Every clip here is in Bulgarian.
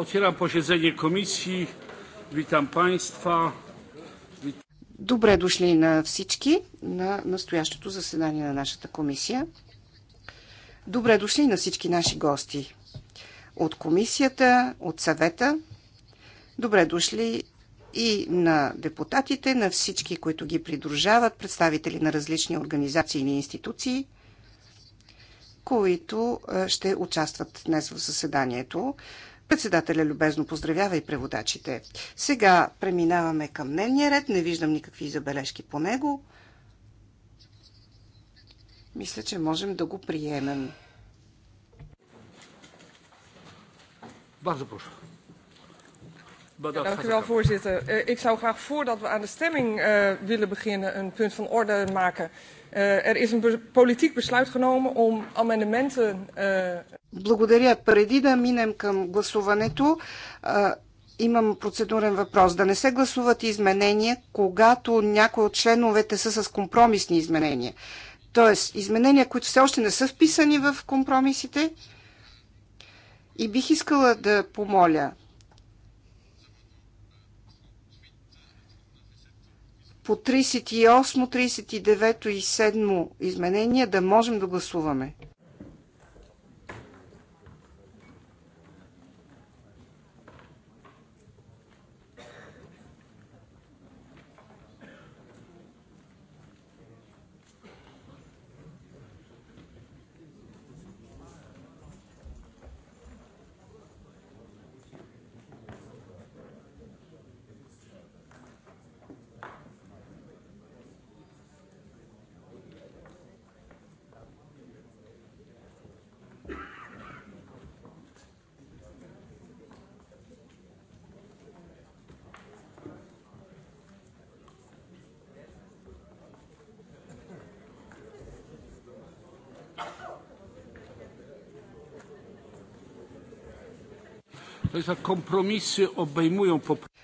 Otwieram posiedzenie комисии. Witam państwa. Добре дошли на всички на настоящото заседание на нашата комисия. Добре дошли на всички наши гости от комисията, от съвета. Добре дошли и на депутатите, на всички, които ги придружават, представители на различни организации и институции които ще участват днес в заседанието. Председателя любезно поздравява и преводачите. Сега преминаваме към дневния ред. Не виждам никакви забележки по него. Мисля, че можем да го приемем. Bardzo proszę. Dank u wel, voorzitter. Eh, ik zou graag voordat we aan de stemming eh, willen beginnen een punt van orde maken. Eh, er is een politiek besluit genomen om amendementen. Eh, Благодаря. Преди да минем към гласуването, eh, имам процедурен въпрос. Да не се гласуват изменения, когато някои от членовете са с компромисни изменения. Тоест, изменения, които все още не са вписани в компромисите. И бих искала да помоля по 38, 39 и 7 изменения да можем да гласуваме.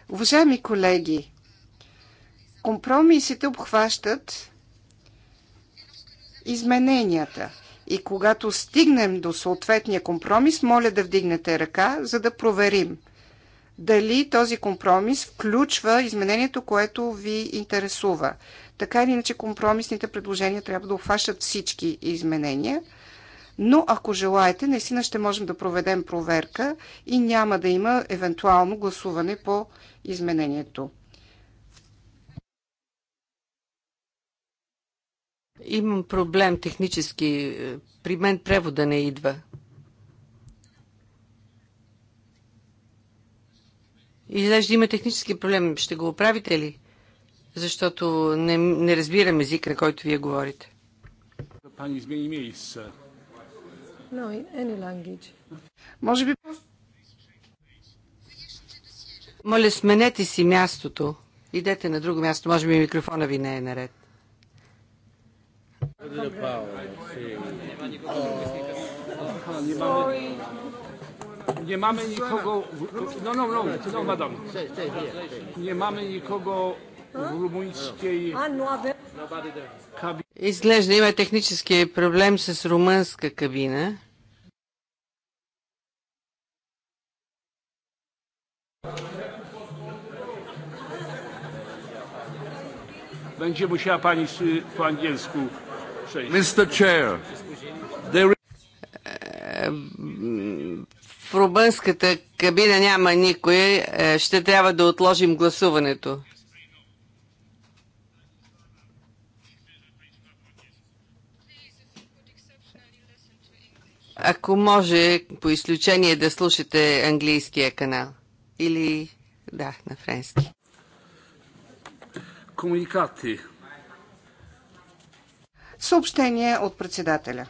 Уважаеми колеги, компромисите обхващат измененията. И когато стигнем до съответния компромис, моля да вдигнете ръка, за да проверим дали този компромис включва изменението, което ви интересува. Така или иначе компромисните предложения трябва да обхващат всички изменения – но ако желаете, наистина ще можем да проведем проверка и няма да има евентуално гласуване по изменението. Имам проблем технически. При мен превода не идва. Изглежда има технически проблем. Ще го оправите ли? Защото не, не разбирам език, на който вие говорите. Пани измени е, No, in any language. Може би... Моля, сменете си мястото. Идете на друго място. Може би микрофона ви не е наред. Nie mamy nikogo. No, no, no, no, madam. Nie mamy nikogo Изглежда има технически проблем с румънска кабина. Będzie musiała pani po angielsku przejść. Mr. Chair, there в румънската кабина няма никой. Е, ще трябва да отложим гласуването. Ако може, по изключение да слушате английския канал. Или, да, на френски. Комуникати. Съобщение от председателя.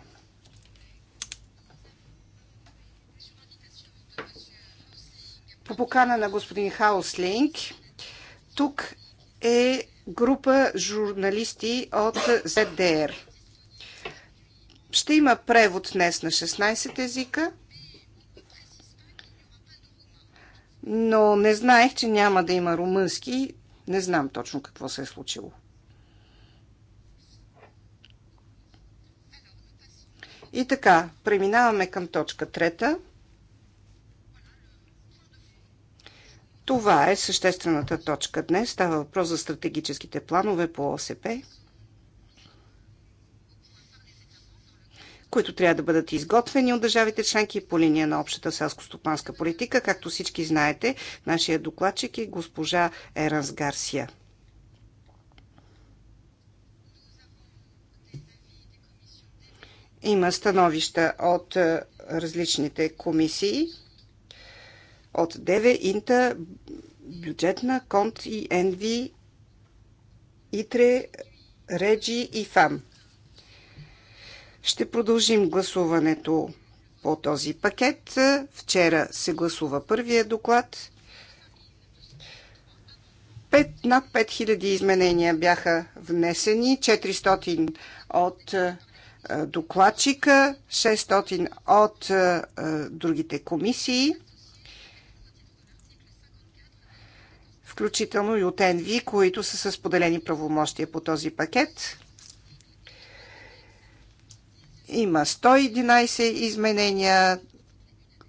По покана на господин Хауслинг, тук е група журналисти от ЗДР. Ще има превод днес на 16 езика, но не знаех, че няма да има румънски, не знам точно какво се е случило. И така, преминаваме към точка трета. Това е съществената точка днес. Става въпрос за стратегическите планове по ОСП. които трябва да бъдат изготвени от държавите членки по линия на общата селско-стопанска политика. Както всички знаете, нашия докладчик е госпожа Еранс Гарсия. Има становища от е, различните комисии, от ДВ, Инта, бюджетна, конт и НВ, ИТРЕ, РЕДЖИ и ФАМ. Ще продължим гласуването по този пакет. Вчера се гласува първия доклад. Пет, над 5000 изменения бяха внесени, 400 от е, докладчика, 600 от е, другите комисии, включително и от ЕНВИ, които са с поделени правомощия по този пакет. Има 111 изменения,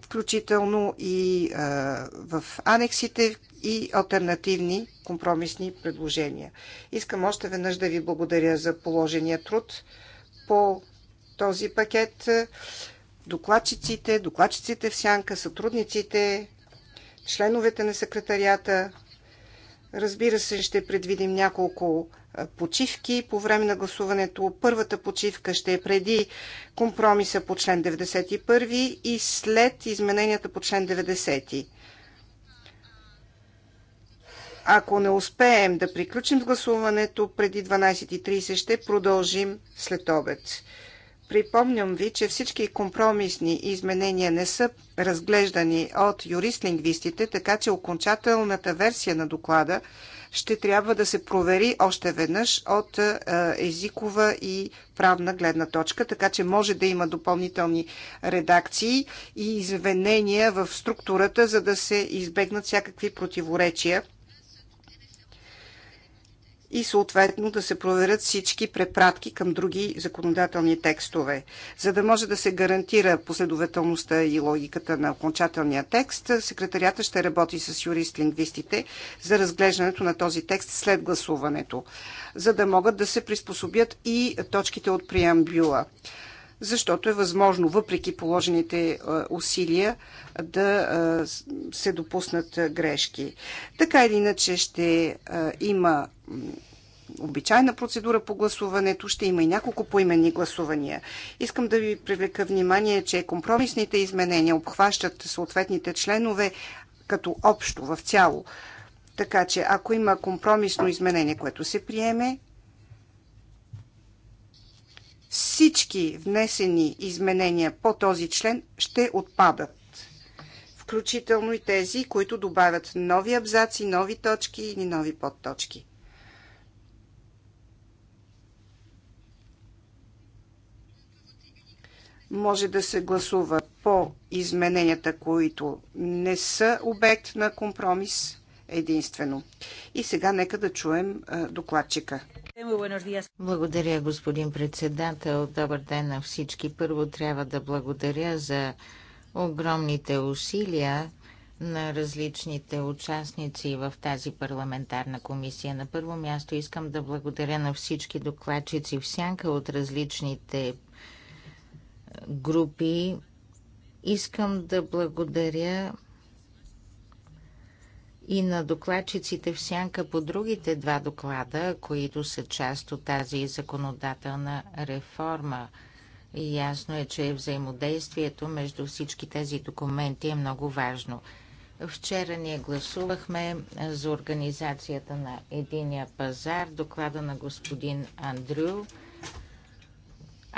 включително и а, в анексите и альтернативни компромисни предложения. Искам още веднъж да ви благодаря за положения труд по този пакет. Докладчиците, докладчиците в сянка, сътрудниците, членовете на секретарията, Разбира се, ще предвидим няколко почивки по време на гласуването. Първата почивка ще е преди компромиса по член 91 и след измененията по член 90. Ако не успеем да приключим с гласуването преди 12.30, ще продължим след обед. Припомням ви, че всички компромисни изменения не са разглеждани от юрист-лингвистите, така че окончателната версия на доклада ще трябва да се провери още веднъж от е, езикова и правна гледна точка, така че може да има допълнителни редакции и извинения в структурата, за да се избегнат всякакви противоречия и съответно да се проверят всички препратки към други законодателни текстове. За да може да се гарантира последователността и логиката на окончателния текст, секретарията ще работи с юрист-лингвистите за разглеждането на този текст след гласуването, за да могат да се приспособят и точките от преамбюла защото е възможно, въпреки положените е, усилия, да е, се допуснат грешки. Така или иначе ще е, има обичайна процедура по гласуването, ще има и няколко поименни гласувания. Искам да ви привлека внимание, че компромисните изменения обхващат съответните членове като общо, в цяло. Така че, ако има компромисно изменение, което се приеме, всички внесени изменения по този член ще отпадат включително и тези, които добавят нови абзаци, нови точки или нови подточки. Може да се гласува по измененията, които не са обект на компромис единствено. И сега нека да чуем докладчика. Благодаря, господин председател. Добър ден на всички. Първо трябва да благодаря за огромните усилия на различните участници в тази парламентарна комисия. На първо място искам да благодаря на всички докладчици в сянка от различните групи. Искам да благодаря и на докладчиците в сянка по другите два доклада, които са част от тази законодателна реформа. И ясно е, че взаимодействието между всички тези документи е много важно. Вчера ние гласувахме за организацията на единия пазар, доклада на господин Андрю.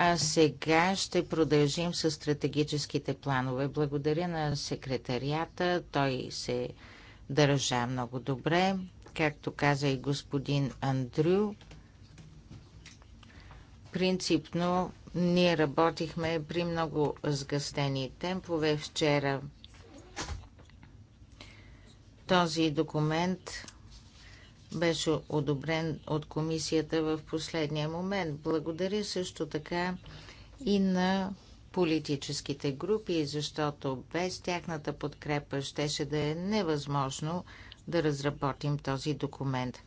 А сега ще продължим с стратегическите планове. Благодаря на секретарията. Той се държа много добре. Както каза и господин Андрю, принципно ние работихме при много сгъстени темпове. Вчера този документ беше одобрен от комисията в последния момент. Благодаря също така и на политическите групи, защото без тяхната подкрепа щеше да е невъзможно да разработим този документ.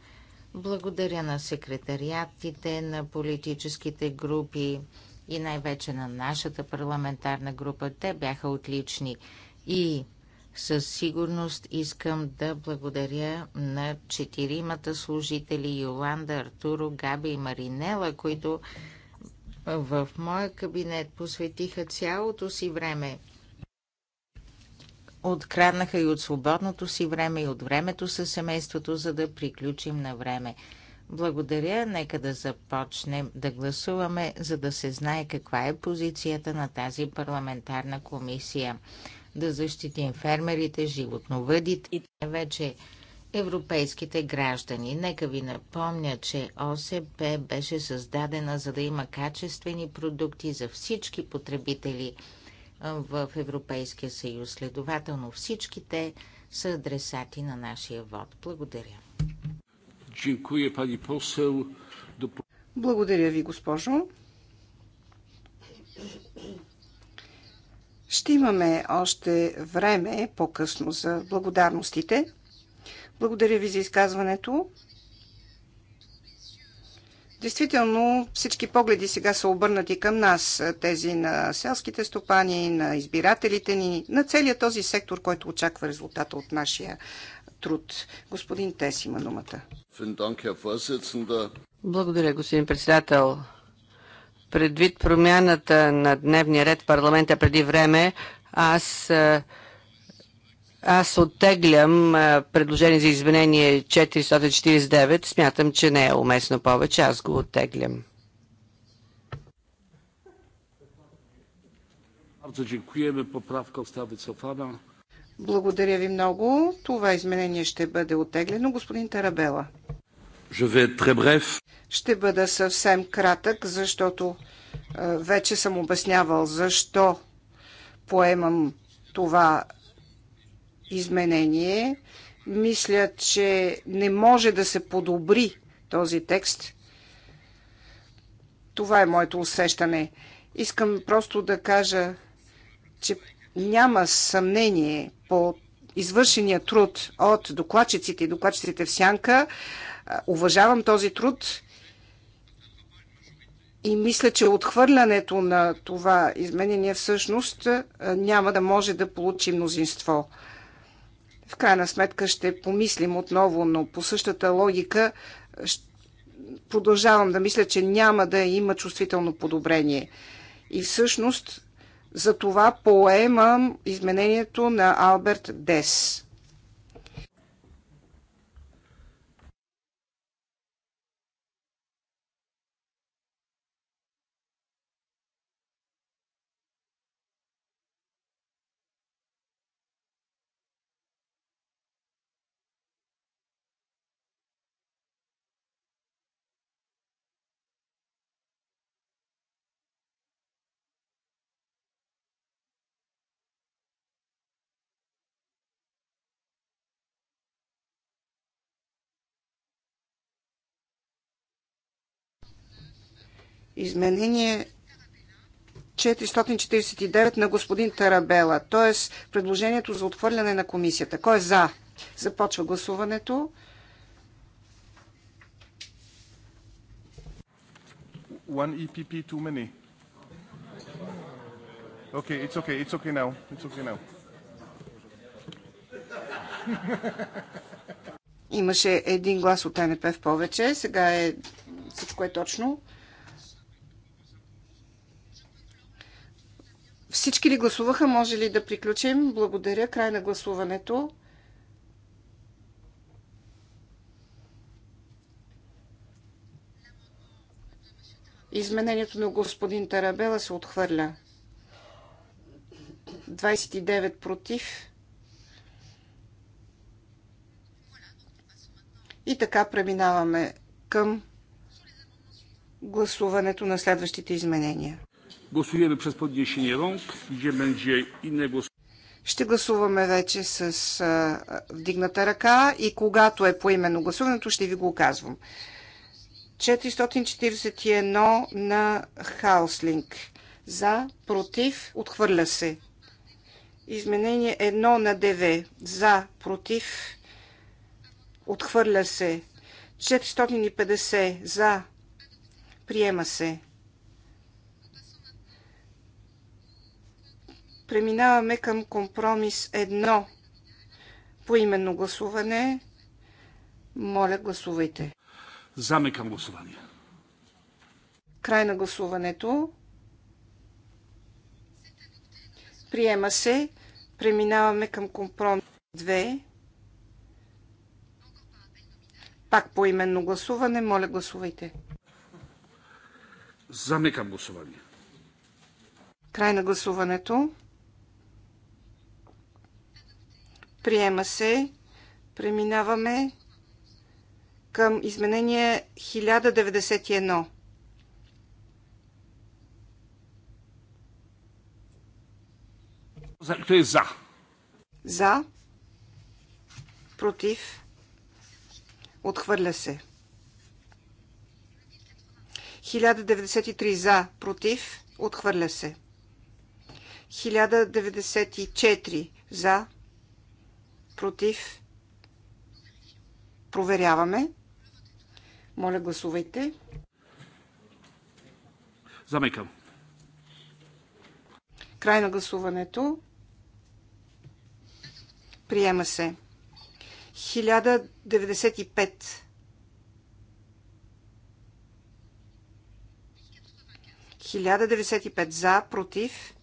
Благодаря на секретариатите, на политическите групи и най-вече на нашата парламентарна група. Те бяха отлични. И със сигурност искам да благодаря на четиримата служители Йоланда, Артуро, Габи и Маринела, които в моя кабинет посветиха цялото си време. Откраднаха и от свободното си време, и от времето със семейството, за да приключим на време. Благодаря, нека да започнем да гласуваме, за да се знае каква е позицията на тази парламентарна комисия да защитим фермерите, животновъдите и вече европейските граждани. Нека ви напомня, че ОСП беше създадена за да има качествени продукти за всички потребители в Европейския съюз. Следователно всичките са адресати на нашия вод. Благодаря. Благодаря ви, госпожо. Ще имаме още време по-късно за благодарностите. Благодаря ви за изказването. Действително, всички погледи сега са обърнати към нас, тези на селските стопани, на избирателите ни, на целият този сектор, който очаква резултата от нашия труд. Господин Тес има думата. Благодаря, господин председател. Предвид промяната на дневния ред в парламента преди време, аз аз оттеглям предложение за изменение 449. Смятам, че не е уместно повече. Аз го оттеглям. Благодаря ви много. Това изменение ще бъде оттеглено. Господин Тарабела. Ще бъда съвсем кратък, защото е, вече съм обяснявал защо поемам това изменение. Мисля, че не може да се подобри този текст. Това е моето усещане. Искам просто да кажа, че няма съмнение по извършения труд от докладчиците и докладчиците в сянка уважавам този труд и мисля, че отхвърлянето на това изменение всъщност няма да може да получи мнозинство. В крайна сметка ще помислим отново, но по същата логика продължавам да мисля, че няма да има чувствително подобрение. И всъщност за това поемам изменението на Алберт Дес. Изменение 449 на господин Тарабела, т.е. предложението за отвърляне на комисията. Кой е за? Започва гласуването. One EPP too many. Okay, it's okay, it's okay now. It's okay now. Имаше един глас от НП в повече. Сега е... всичко е точно. Всички ли гласуваха? Може ли да приключим? Благодаря. Край на гласуването. Изменението на господин Тарабела се отхвърля. 29 против. И така преминаваме към гласуването на следващите изменения. Гласуваме през podniesienie Ще гласуваме вече с а, вдигната ръка и когато е поименно гласуването, ще ви го казвам. 441 на Хауслинг. За, против, отхвърля се. Изменение 1 на 9. За, против, отхвърля се. 450 за, приема се. Преминаваме към компромис 1. По именно гласуване. Моля, гласувайте. Заме към гласуване. Край на гласуването. Приема се. Преминаваме към компромис 2. Пак по именно гласуване. Моля, гласувайте. към гласуване. Край на гласуването. Приема се. Преминаваме към изменение 1091. Кто е за? За. Против. Отхвърля се. 1093 за. Против. Отхвърля се. 1094 за против. Проверяваме. Моля, гласувайте. Замекам. Край на гласуването. Приема се. 1095. 1095 за, против.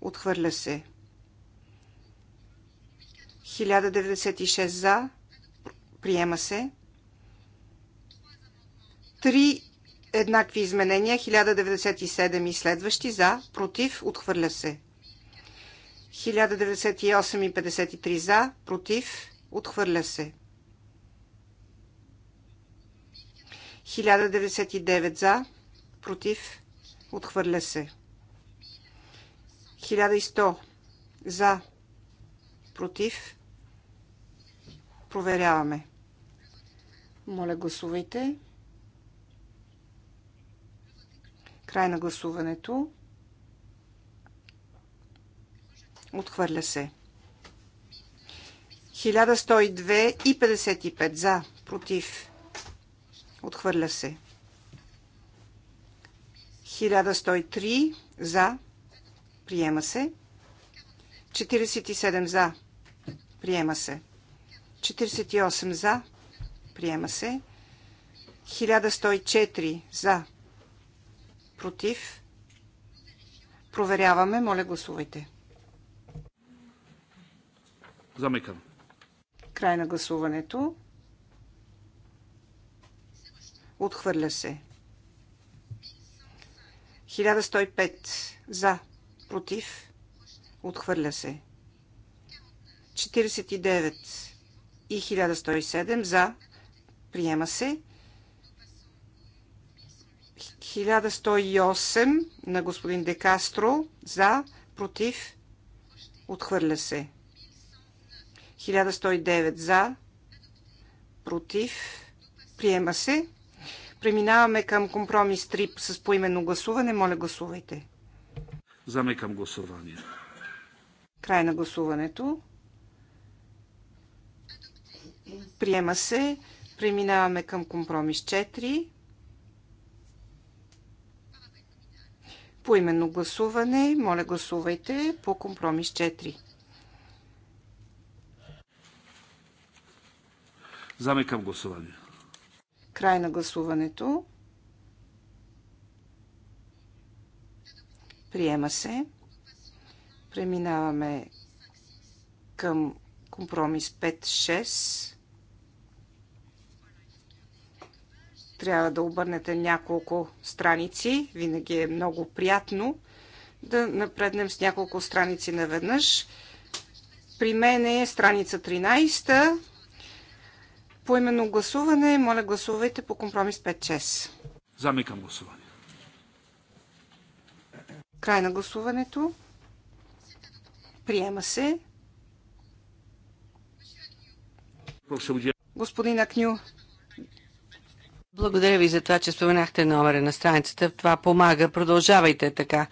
Отхвърля се. 1096 за. Приема се. Три еднакви изменения. 1097 и следващи за. Против. Отхвърля се. 1098 и 53 за. Против. Отхвърля се. 1099 за. Против. Отхвърля се. 1100 за. Против. Проверяваме. Моля, гласувайте. Край на гласуването. Отхвърля се. 1102 и 55 за. Против. Отхвърля се. 1103 за. Приема се. 47 за. Приема се. 48 за. Приема се. 1104 за. Против. Проверяваме. Моля, гласувайте. Замикам. Край на гласуването. Отхвърля се. 1105 за. Против. Отхвърля се. 49 и 1107 за. Приема се. 1108 на господин Декастро за. Против. Отхвърля се. 1109 за. Против. Приема се. Преминаваме към компромис 3 с поименно гласуване. Моля, гласувайте. Замекам гласуване. Край на гласуването. Приема се. Преминаваме към компромис 4. Поименно гласуване. Моля гласувайте по компромис 4. Заме към гласуване. Край на гласуването. Приема се. Преминаваме към компромис 5-6. трябва да обърнете няколко страници. Винаги е много приятно да напреднем с няколко страници наведнъж. При мен е страница 13. По именно гласуване, моля гласувайте по компромис 5-6. Замикам гласуване. Край на гласуването. Приема се. Господин Акню, благодаря ви за това, че споменахте номера на страницата. Това помага. Продължавайте така.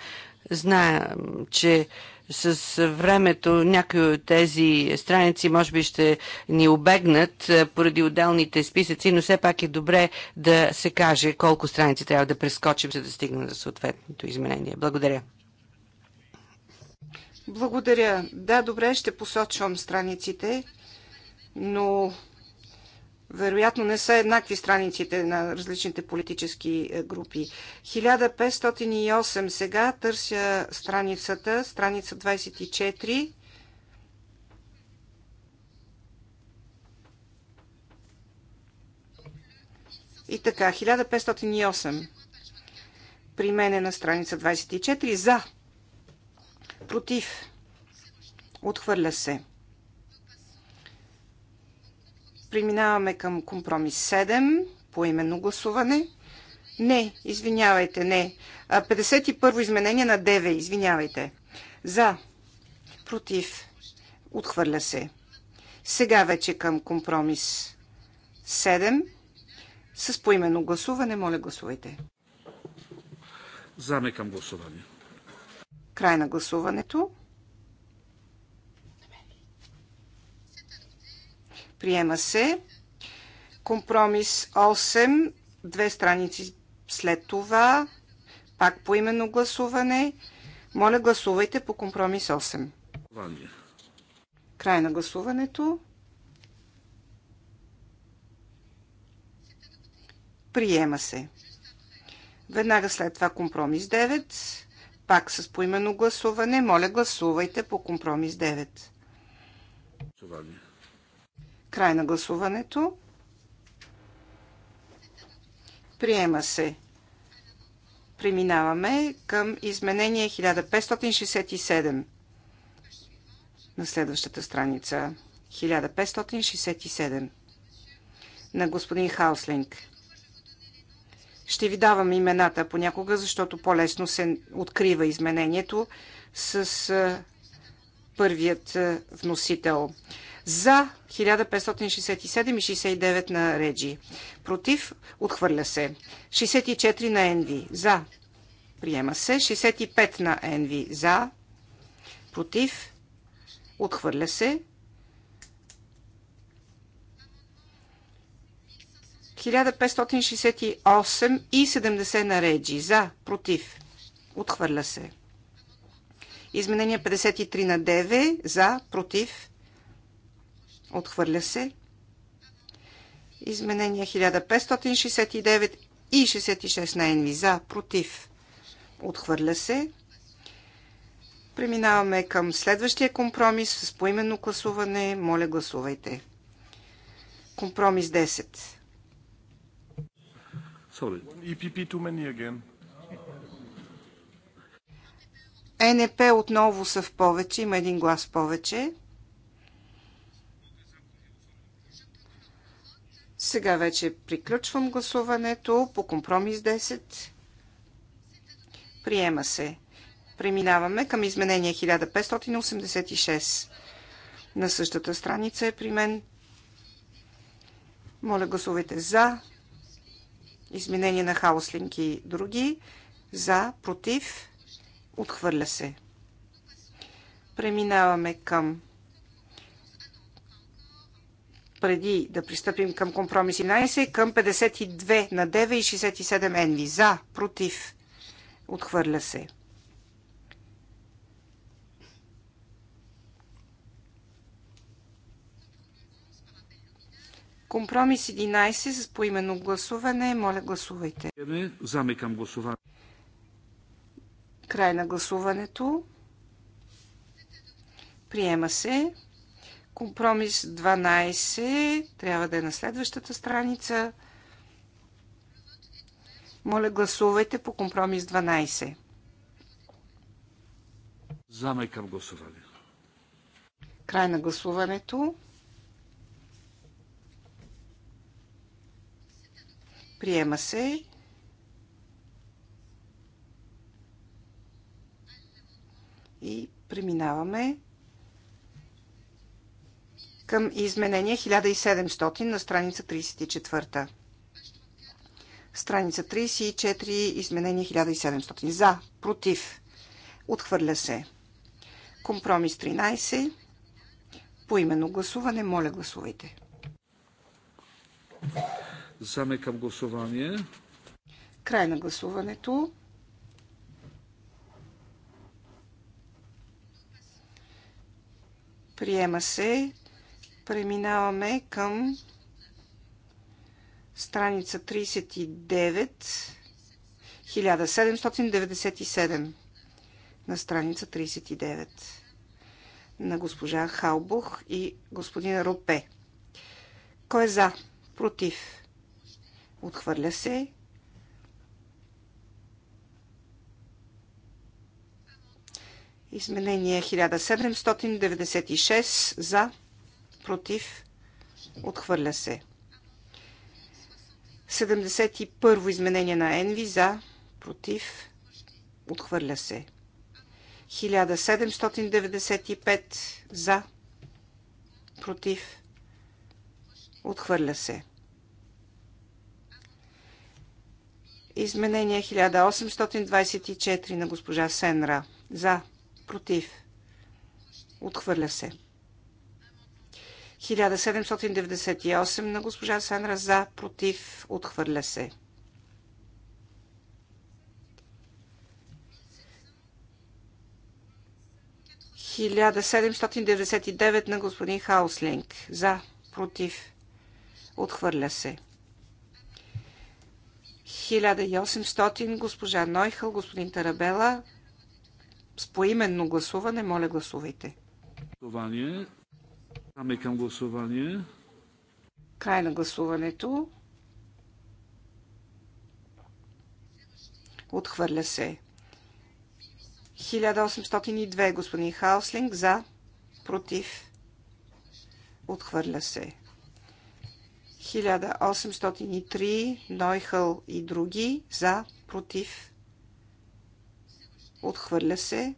Зная, че с времето някои от тези страници може би ще ни обегнат е, поради отделните списъци, но все пак е добре да се каже колко страници трябва да прескочим, за да стигнем за съответното изменение. Благодаря. Благодаря. Да, добре, ще посочвам страниците, но вероятно не са еднакви страниците на различните политически е, групи. 1508 сега търся страницата, страница 24. И така, 1508 при мен е на страница 24 за против отхвърля се. Преминаваме към компромис 7 по именно гласуване. Не, извинявайте, не. 51-во изменение на 9, извинявайте. За, против, отхвърля се. Сега вече към компромис 7 с поименно гласуване. Моля, гласувайте. Заме към гласуване. Край на гласуването. Приема се. Компромис 8, две страници след това, пак по именно гласуване. Моля, гласувайте по компромис 8. Край на гласуването. Приема се. Веднага след това компромис 9. Пак с поименно гласуване. Моля, гласувайте по компромис 9. е. Край на гласуването. Приема се. Преминаваме към изменение 1567 на следващата страница. 1567 на господин Хауслинг. Ще ви давам имената понякога, защото по-лесно се открива изменението с първият вносител за 1567 и 69 на Реджи. Против отхвърля се. 64 на Енви за. Приема се. 65 на Енви за. Против отхвърля се. 1568 и 70 на Реджи. За, против. Отхвърля се. Изменение 53 на 9. За, против. Отхвърля се. Изменения 1569 и 66 на Енви за, против. Отхвърля се. Преминаваме към следващия компромис с поименно гласуване. Моля, гласувайте. Компромис 10. Sorry. EPP too many again. Е, отново са в повече, има един глас повече. Сега вече приключвам гласуването по компромис 10. Приема се. Преминаваме към изменение 1586. На същата страница е при мен. Моля гласувайте за. Изменение на Хауслинг и други. За, против, отхвърля се. Преминаваме към преди да пристъпим към компромис 11, е към 52 на 9 и 67 енви. За, против, отхвърля се. Компромис 11 с поименно гласуване. Моля, гласувайте. Замикам гласуване. Край на гласуването. Приема се. Компромис 12 трябва да е на следващата страница. Моля, гласувайте по компромис 12. Замекам гласуване. Край на гласуването. Приема се. И преминаваме към изменение 1700 на страница 34. Страница 34, изменение 1700. За, против, отхвърля се. Компромис 13. По именно гласуване, моля гласувайте. Заме към гласуване. Край на гласуването. Приема се Преминаваме към страница 39, 1797 на страница 39 на госпожа Халбух и господин Рупе. Кой е за? Против? Отхвърля се. Изменение 1796 за против, отхвърля се. 71 изменение на Енви за, против, отхвърля се. 1795 за, против, отхвърля се. Изменение 1824 на госпожа Сенра. За, против, отхвърля се. 1798 на госпожа Сандра за, против, отхвърля се. 1799 на господин Хауслинг. За, против, отхвърля се. 1800 госпожа Нойхъл, господин Тарабела. С поименно гласуване, моля гласувайте. Замикам гласуване. Край на гласуването. Отхвърля се. 1802 господин Хауслинг за, против. Отхвърля се. 1803 Нойхъл и други за, против. Отхвърля се.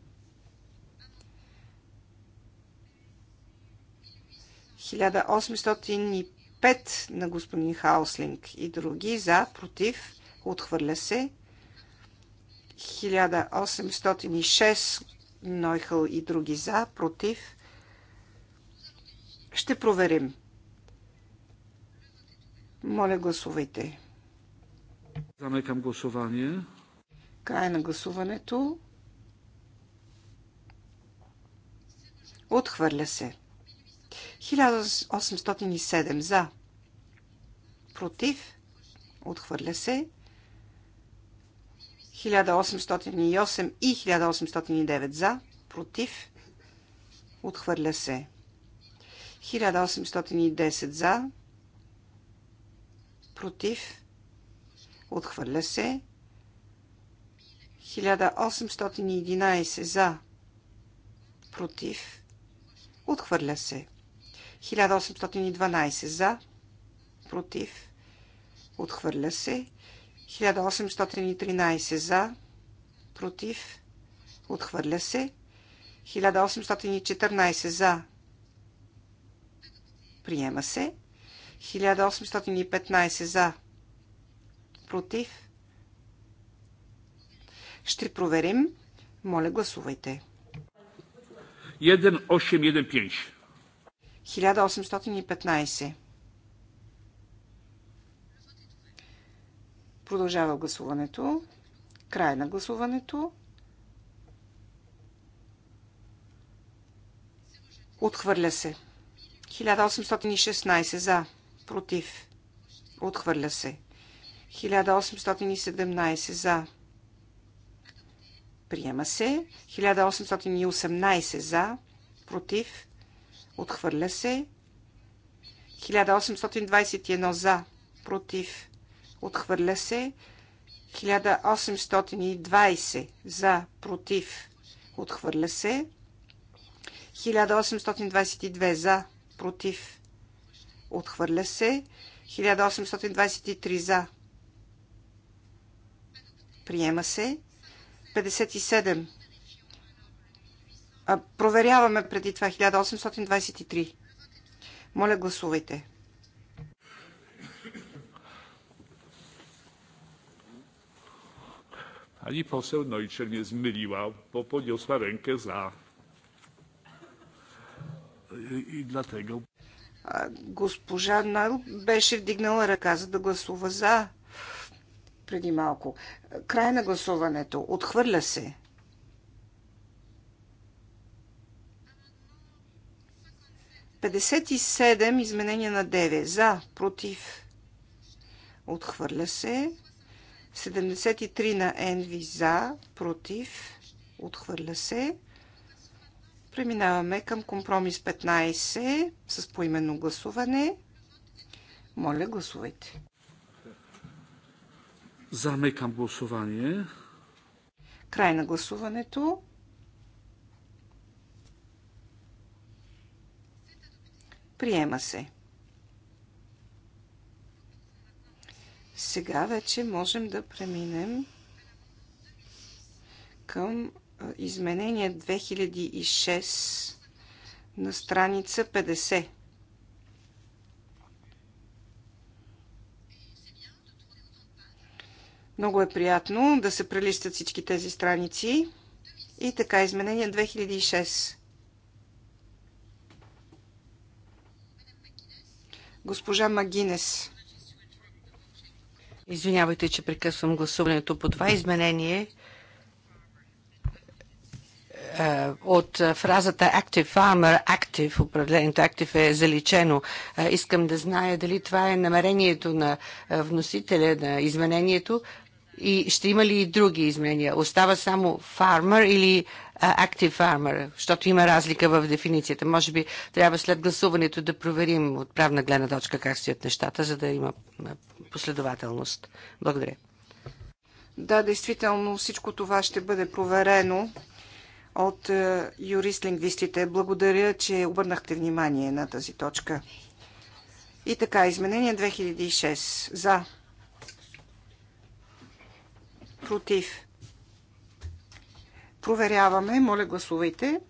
1805 на господин Хауслинг и други за, против, отхвърля се. 1806 Нойхъл и други за, против. Ще проверим. Моля, гласувайте. към гласуване. Край на гласуването. Отхвърля се. 1807 за. Против. Отхвърля се. 1808 и 1809 за. Против. Отхвърля се. 1810 за. Против. Отхвърля се. 1811 за. Против. Отхвърля се. 1812 за, против, отхвърля се. 1813 за, против, отхвърля се. 1814 за, приема се. 1815 за, против. Ще проверим. Моля, гласувайте. 1815. 1815. Продължава гласуването. Край на гласуването. Отхвърля се. 1816 за. Против. Отхвърля се. 1817 за. Приема се. 1818 за. Против. Отхвърля се. 1821 за. Против. Отхвърля се. 1820 за. Против. Отхвърля се. 1822 за. Против. Отхвърля се. 1823 за. Приема се. 57 а, проверяваме преди това 1823. Моля, гласувайте. Pani poseł Neutscher mnie zmyliła, bo podniosła rękę za. I dlatego. Госпожа Найл беше вдигнала ръка, за да гласува за преди малко. Край на гласуването. Отхвърля се. 57 изменения на 9. За, против, отхвърля се. 73 на Енви за, против, отхвърля се. Преминаваме към компромис 15 с поименно гласуване. Моля, гласувайте. Замекам гласуване. Край на гласуването. Приема се. Сега вече можем да преминем към изменение 2006 на страница 50. Много е приятно да се прелистят всички тези страници. И така, изменение 2006. Госпожа Магинес. Извинявайте, че прекъсвам гласуването по това изменение е, от фразата Active Farmer, Active, определението Active е заличено. Е, искам да зная дали това е намерението на е, вносителя на изменението, и ще има ли и други изменения? Остава само фармер или active farmer, защото има разлика в дефиницията. Може би трябва след гласуването да проверим от правна гледна точка как стоят нещата, за да има последователност. Благодаря. Да, действително всичко това ще бъде проверено от юрист-лингвистите. Благодаря, че обърнахте внимание на тази точка. И така, изменение 2006. За, Против. Проверяваме. Моля, гласувайте.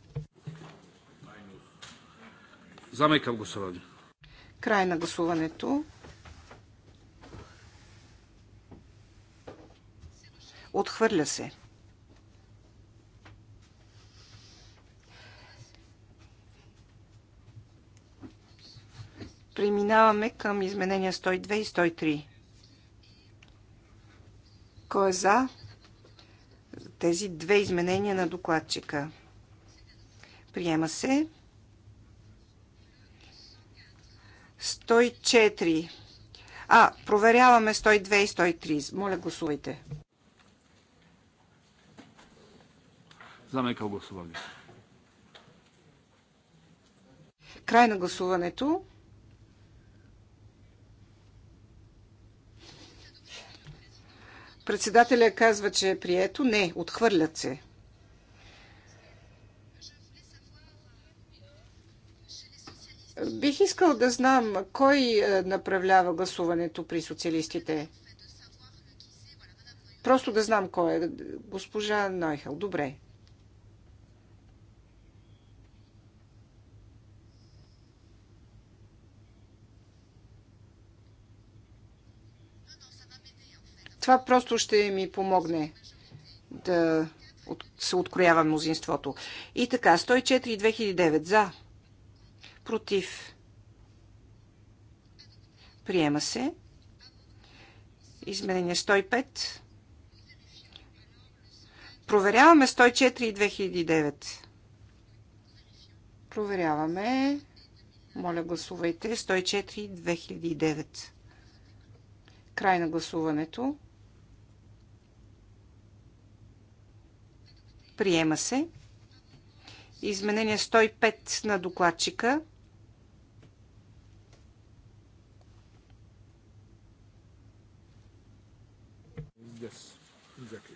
Замекам гласуване. Край на гласуването. Отхвърля се. Преминаваме към изменения 102 и 103. Кой е за тези две изменения на докладчика? Приема се. 104. А, проверяваме 102 и 103. Моля, гласувайте. Замекал гласуване. Край на гласуването. Председателя казва, че е прието. Не, отхвърлят се. Бих искал да знам кой е, направлява гласуването при социалистите. Просто да знам кой е. Госпожа Нойхел. Добре. Това просто ще ми помогне да се откроява мнозинството. И така, 104 и 2009 за. Против. Приема се. Изменение 105. Проверяваме 104 и 2009. Проверяваме. Моля, гласувайте. 104 и 2009. Край на гласуването. Приема се. Изменение 105 на докладчика.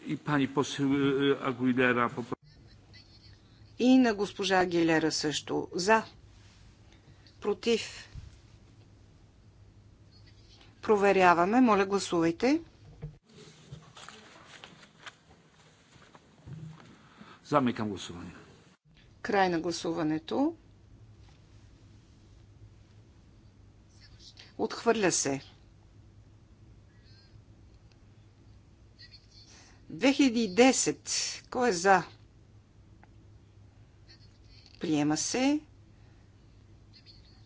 И пани е, Агуилера. И на госпожа Агилера също. За. Против. Проверяваме. Моля, гласувайте. Замикам гласуване. Край на гласуването. Отхвърля се. 2010. Кой е за? Приема се.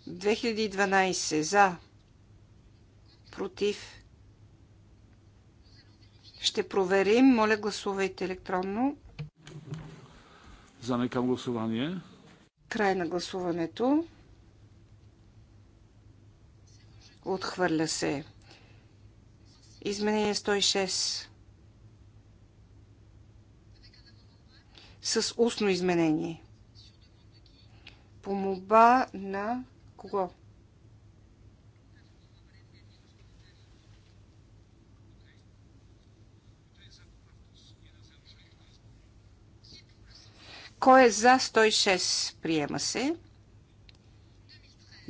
2012. За. Против. Ще проверим. Моля, гласувайте електронно. Замекам гласуване. Край на гласуването. Отхвърля се. Изменение 106. С устно изменение. По моба на кого? Кой е за 106? Приема се.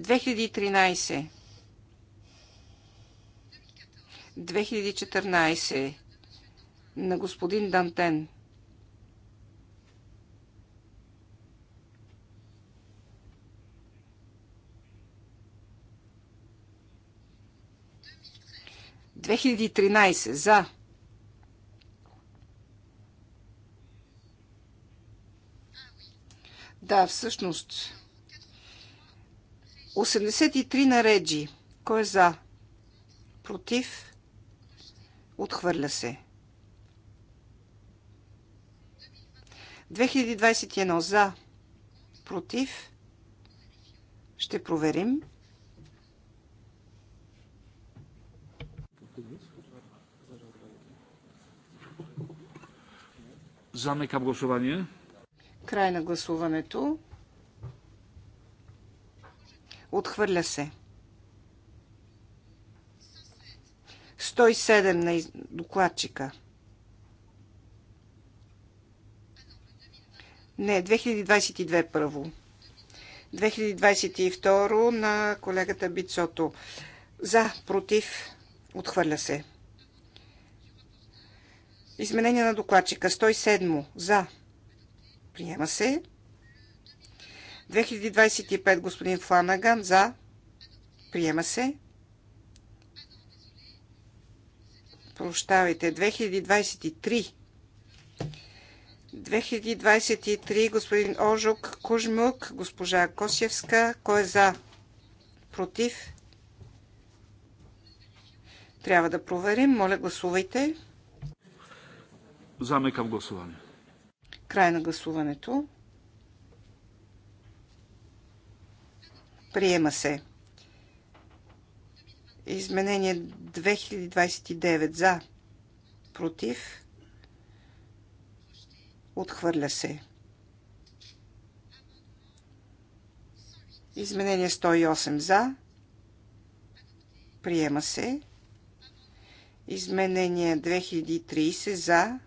2013. 2014 на господин Дантен. 2013 за Да, всъщност. 83 на Реджи. Кой е за? Против? Отхвърля се. 2021 за. Против? Ще проверим. Zamykam głosowanie. Край на гласуването. Отхвърля се. 107 на докладчика. Не, 2022 първо. 2022 на колегата Бицото. За, против, отхвърля се. Изменение на докладчика. 107. За. Приема се. 2025 господин Фланаган за. Приема се. Прощавайте. 2023. 2023 господин Ожук Кужмук, госпожа Косевска. Кой е за? Против? Трябва да проверим. Моля, гласувайте. Замекам гласуване. Край на гласуването. Приема се. Изменение 2029 за. Против. Отхвърля се. Изменение 108 за. Приема се. Изменение 2030 за.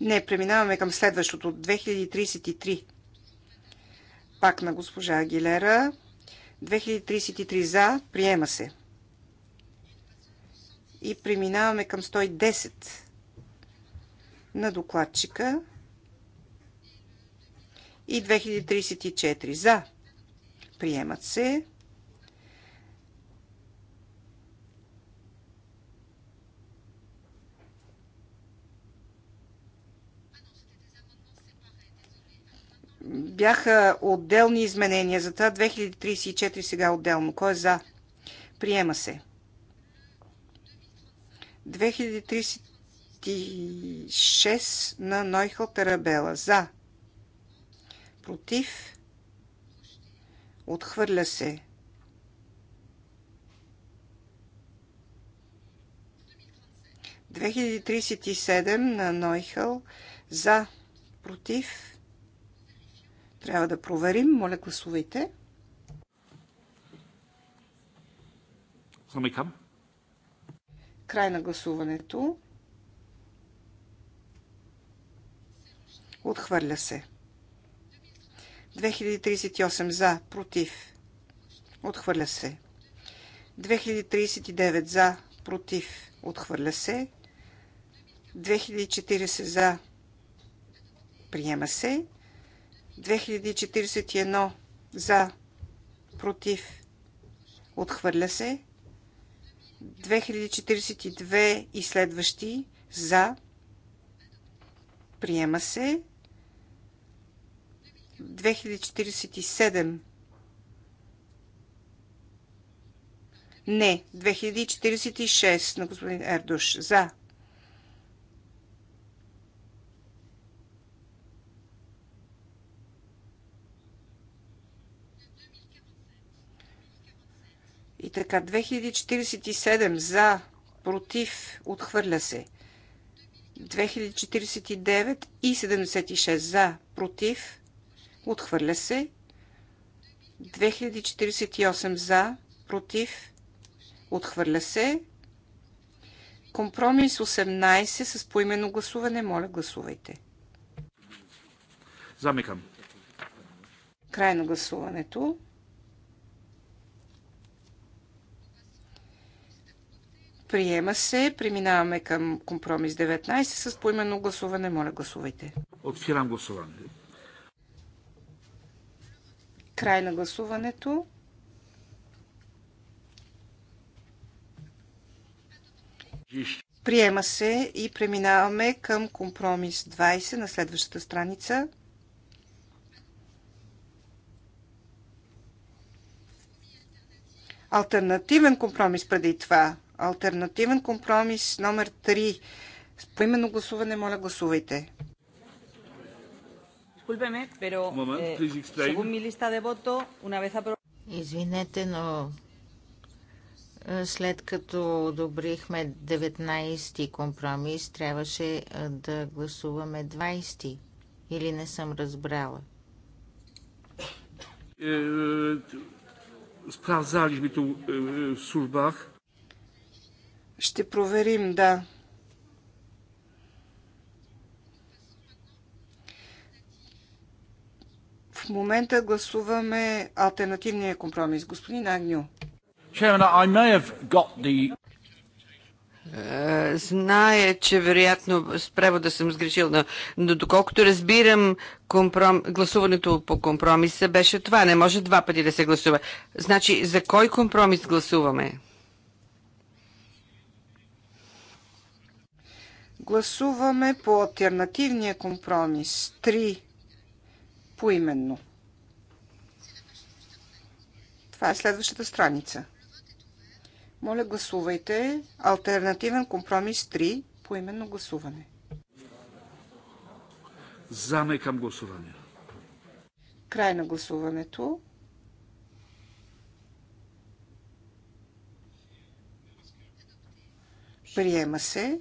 Не, преминаваме към следващото. 2033. Пак на госпожа Агилера. 2033 за. Приема се. И преминаваме към 110 на докладчика. И 2034 за. Приемат се. бяха отделни изменения, затова 2034 сега отделно. Кой е за? Приема се. 2036 на Нойхал Тарабела. За. Против. Отхвърля се. 2037 на Нойхъл. За. Против. Трябва да проверим. Моля, гласувайте. Край на гласуването. Отхвърля се. 2038 за, против. Отхвърля се. 2039 за, против. Отхвърля се. 2040 за, приема се. 2041 за, против, отхвърля се. 2042 и следващи за, приема се. 2047 не, 2046 на господин Ердуш за, И така, 2047 за, против, отхвърля се. 2049 и 76 за, против, отхвърля се. 2048 за, против, отхвърля се. Компромис 18 с поименно гласуване. Моля, гласувайте. Замикам. Край на гласуването. Приема се. Преминаваме към компромис 19 с поименно гласуване. Моля, гласувайте. Отвирам гласуване. Край на гласуването. Приема се и преминаваме към компромис 20 на следващата страница. Алтернативен компромис преди това. Альтернативен компромис номер 3. С поименно гласуване, моля, гласувайте. Eh, Извинете, но е, след като одобрихме 19-ти компромис, трябваше е, да гласуваме 20-ти. Или не съм разбрала? Sprawdzaliśmy е, tu в службах. Ще проверим, да. В момента гласуваме альтернативния компромис. Господин Агню. Е, зная, че вероятно с превода съм сгрешил, но, но доколкото разбирам, компром... гласуването по компромиса беше това. Не може два пъти да се гласува. Значи, за кой компромис гласуваме? Гласуваме по альтернативния компромис 3 поименно. Това е следващата страница. Моля, гласувайте альтернативен компромис 3 поименно гласуване. към гласуване. Край на гласуването. Приема се.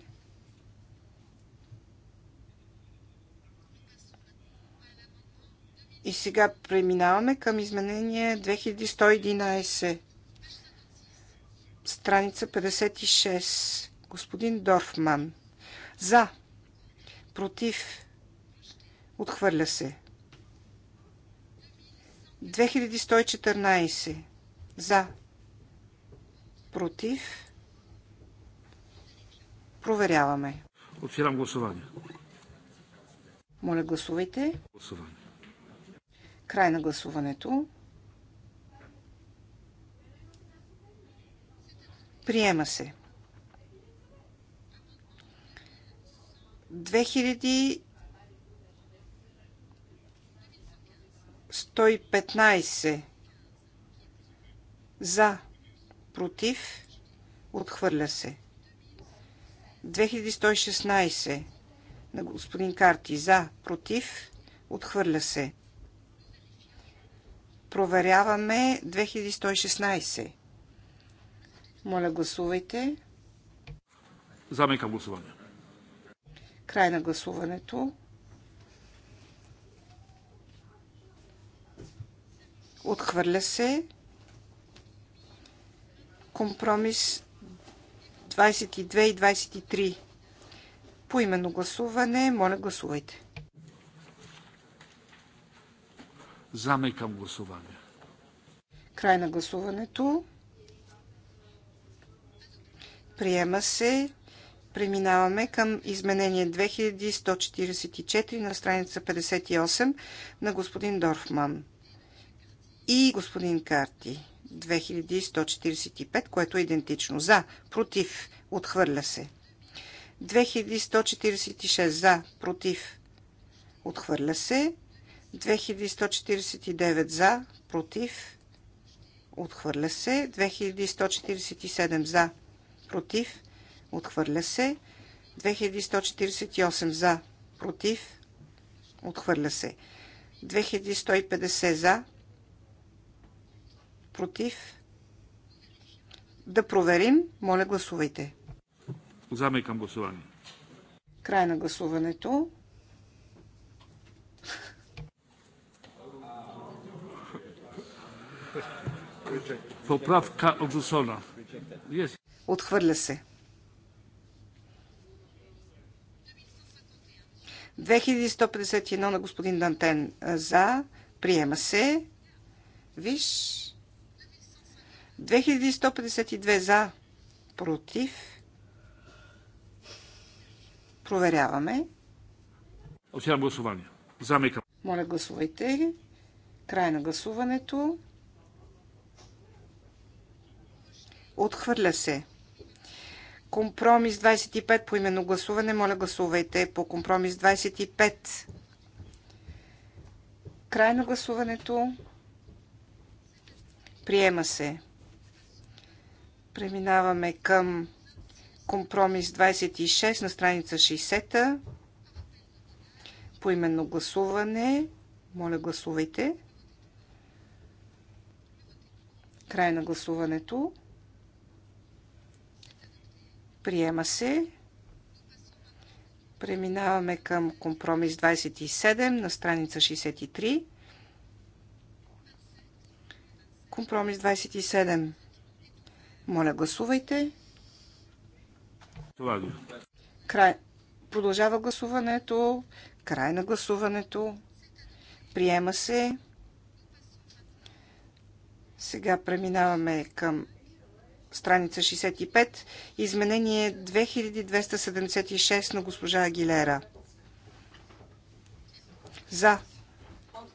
И сега преминаваме към изменение 2111. Страница 56. Господин Дорфман. За. Против. Отхвърля се. 2114. За. Против. Проверяваме. Отвирам гласуване. Моля, гласувайте. Гласуване. Край на гласуването. Приема се. 2115 за, против, отхвърля се. 2116 на господин Карти за, против, отхвърля се. Проверяваме 2116. Моля, гласувайте. Замекам гласуване. Край на гласуването. Отхвърля се. Компромис 22 и 23. По именно гласуване, моля гласувайте. Замекам гласуване. Край на гласуването. Приема се. Преминаваме към изменение 2144 на страница 58 на господин Дорфман и господин Карти. 2145, което е идентично. За, против, отхвърля се. 2146 за, против, отхвърля се. 2149 за, против, отхвърля се. 2147 за, против, отхвърля се. 2148 за, против, отхвърля се. 2150 за, против. Да проверим. Моля, гласувайте. към гласуване. Край на гласуването. Поправка odrzucona. Отхвърля се. 2151 на господин Дантен за. Приема се. Виж. 2152 за. Против. Проверяваме. Отсявам гласуване. Замикам. Моля, гласувайте. Край на гласуването. Отхвърля се. Компромис 25 по именно гласуване. Моля гласувайте по компромис 25. Край на гласуването. Приема се. Преминаваме към компромис 26 на страница 60-та. именно гласуване. Моля, гласувайте. Край на гласуването. Приема се. Преминаваме към компромис 27 на страница 63. Компромис 27. Моля, гласувайте. Това Край. Продължава гласуването. Край на гласуването. Приема се. Сега преминаваме към страница 65, изменение 2276 на госпожа Агилера. За,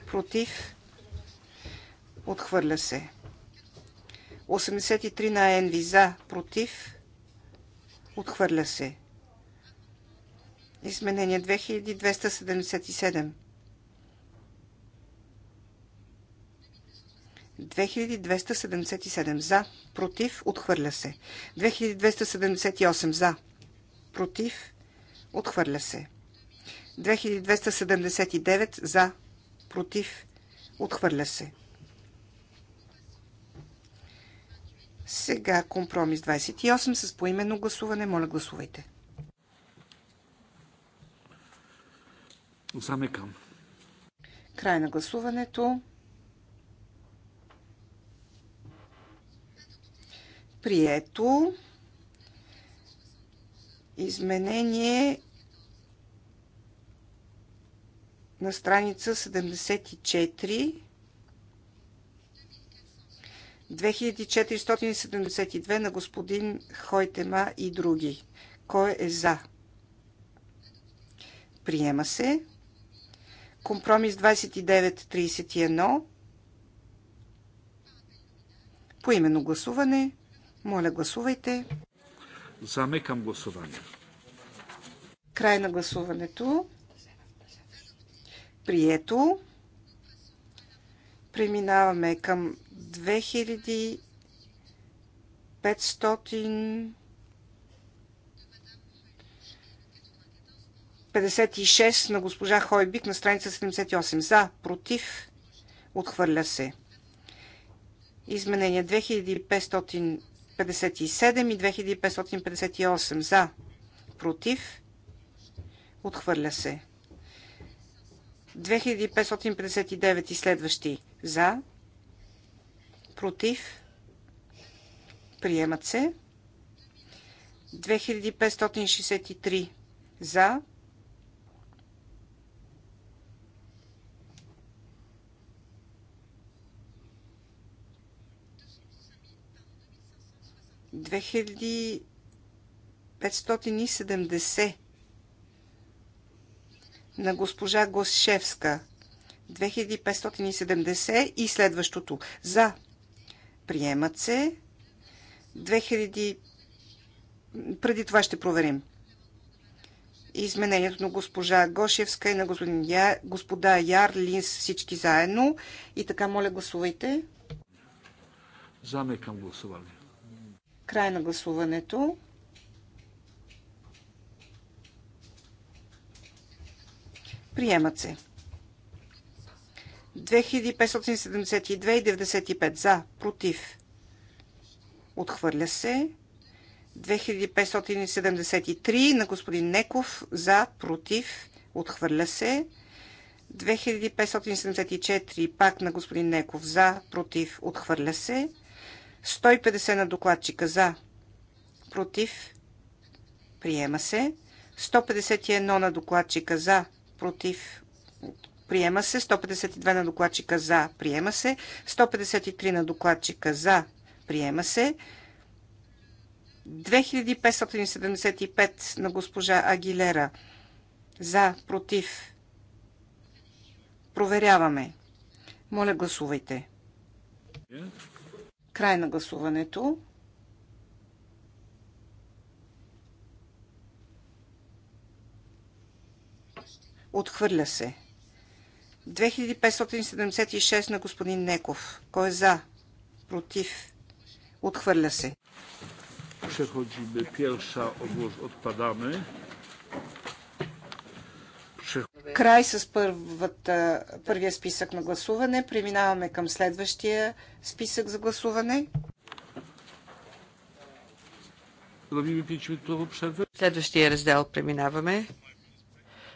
против, отхвърля се. 83 на Енви за, против, отхвърля се. Изменение 2277 2277 за, против, отхвърля се. 2278 за, против, отхвърля се. 2279 за, против, отхвърля се. Сега компромис 28 с поименно гласуване. Моля, гласувайте. Край на гласуването. Прието. Изменение на страница 74. 2472 на господин Хойтема и други. Кой е за? Приема се. Компромис 2931. Поименно гласуване. Моля, гласувайте. Замекам гласуване. Край на гласуването. Прието. Преминаваме към 2500 56 на госпожа Хойбик на страница 78. За, против, отхвърля се. Изменение 2500 57 и 2558 за, против, отхвърля се. 2559 и следващи за, против, приемат се. 2563 за, против, 2570 на госпожа Гошевска. 2570 и следващото. За. Приемат се. 2000... Преди това ще проверим. Изменението на госпожа Гошевска и на господин Я... господа Яр Линс всички заедно. И така, моля, гласувайте. Замекам гласуване. Край на гласуването. Приемат се. 2572 и 95 за, против. Отхвърля се. 2573 на господин Неков за, против. Отхвърля се. 2574 пак на господин Неков за, против. Отхвърля се. 150 на докладчика за, против, приема се. 151 на докладчика за, против, приема се. 152 на докладчика за, приема се. 153 на докладчика за, приема се. 2575 на госпожа Агилера. За, против. Проверяваме. Моля, гласувайте. Yeah. Е? Край на гласуването. Отхвърля се. 2576 на господин Неков. Кой е за? Против? Отхвърля се. Przechodzimy. Pierwsza odpadamy край с първата, първия списък на гласуване. Преминаваме към следващия списък за гласуване. Следващия раздел преминаваме.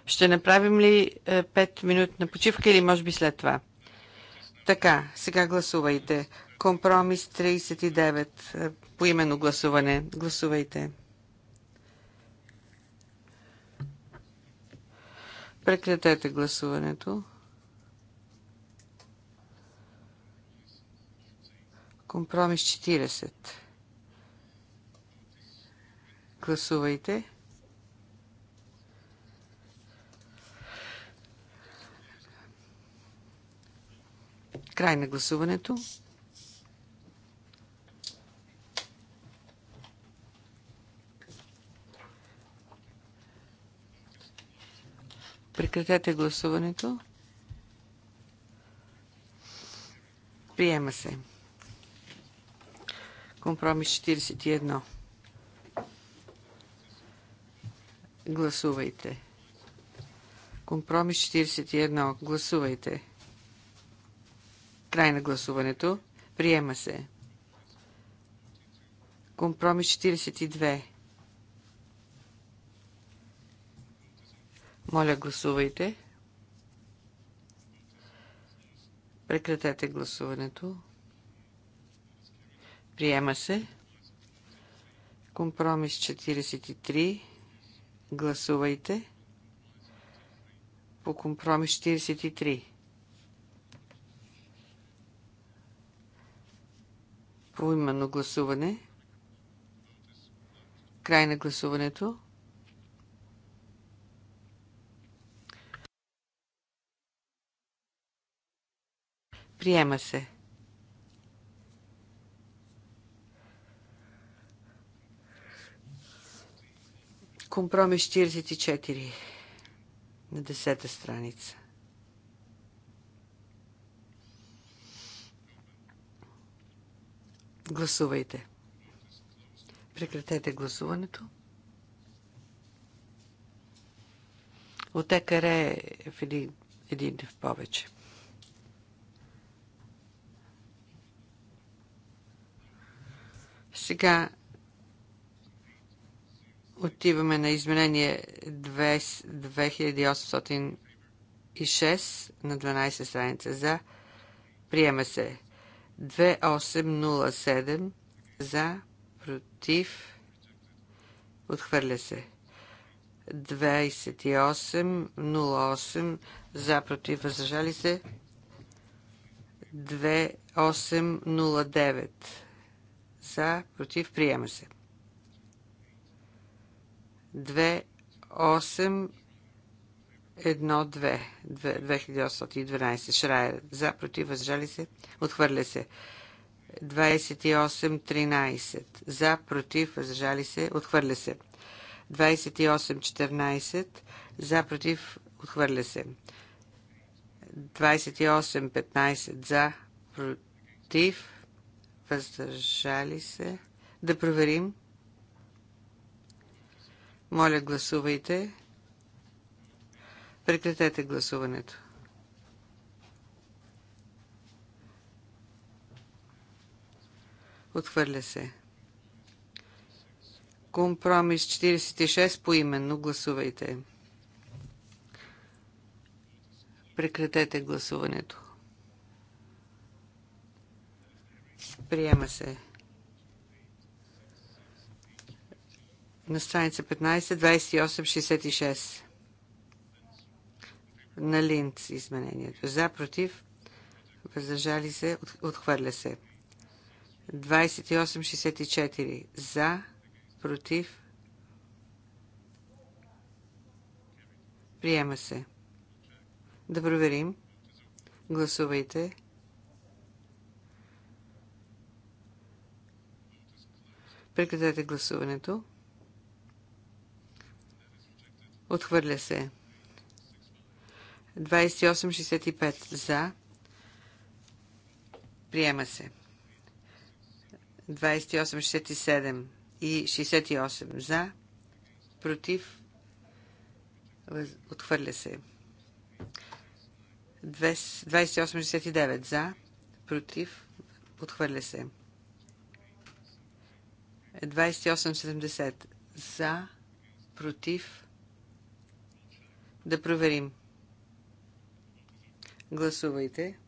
Ще направим ли 5 е, минут на почивка или може би след това? Така, сега гласувайте. Компромис 39. Е, поименно гласуване. Гласувайте. Прекратете гласуването. Компромис 40. Гласувайте. Край на гласуването. Прекратете гласуването. Приема се. Компромис 41. Гласувайте. Компромис 41. Гласувайте. Край на гласуването. Приема се. Компромис 42. Моля, гласувайте. Прекратете гласуването. Приема се. Компромис 43. Гласувайте. По компромис 43. Поименно гласуване. Край на гласуването. Приема се. Компромис 44 на десета страница. Гласувайте. Прекратете гласуването. ре е в един, един в повече. Сега отиваме на изменение 2806 на 12 страница за. Приема се 2807 за, против, отхвърля се. 2808 за, против, въздържали се. 2809 за, против, приема се. 2, 8, 1, 2, 2812. Шрая за, против, възжали се, отхвърля се. 28-13. За, против, възжали се, отхвърля се. 28-14. За, против, отхвърля се. 28-15. За, против, въздържали се. Да проверим. Моля, гласувайте. Прекратете гласуването. Отхвърля се. Компромис 46 по именно. Гласувайте. Прекратете гласуването. Приема се. На страница 15, 28, 66. На Линц изменението. За, против, въздържали се, отхвърля се. 2864 за, против, приема се. Да проверим. Гласувайте. Прекратете гласуването. Отхвърля се. 2865 за. Приема се. 2867 и 68 за. Против. Отхвърля се. 2869 за. Против. Отхвърля се. 2868 2870 за, против. Да проверим. Гласувайте.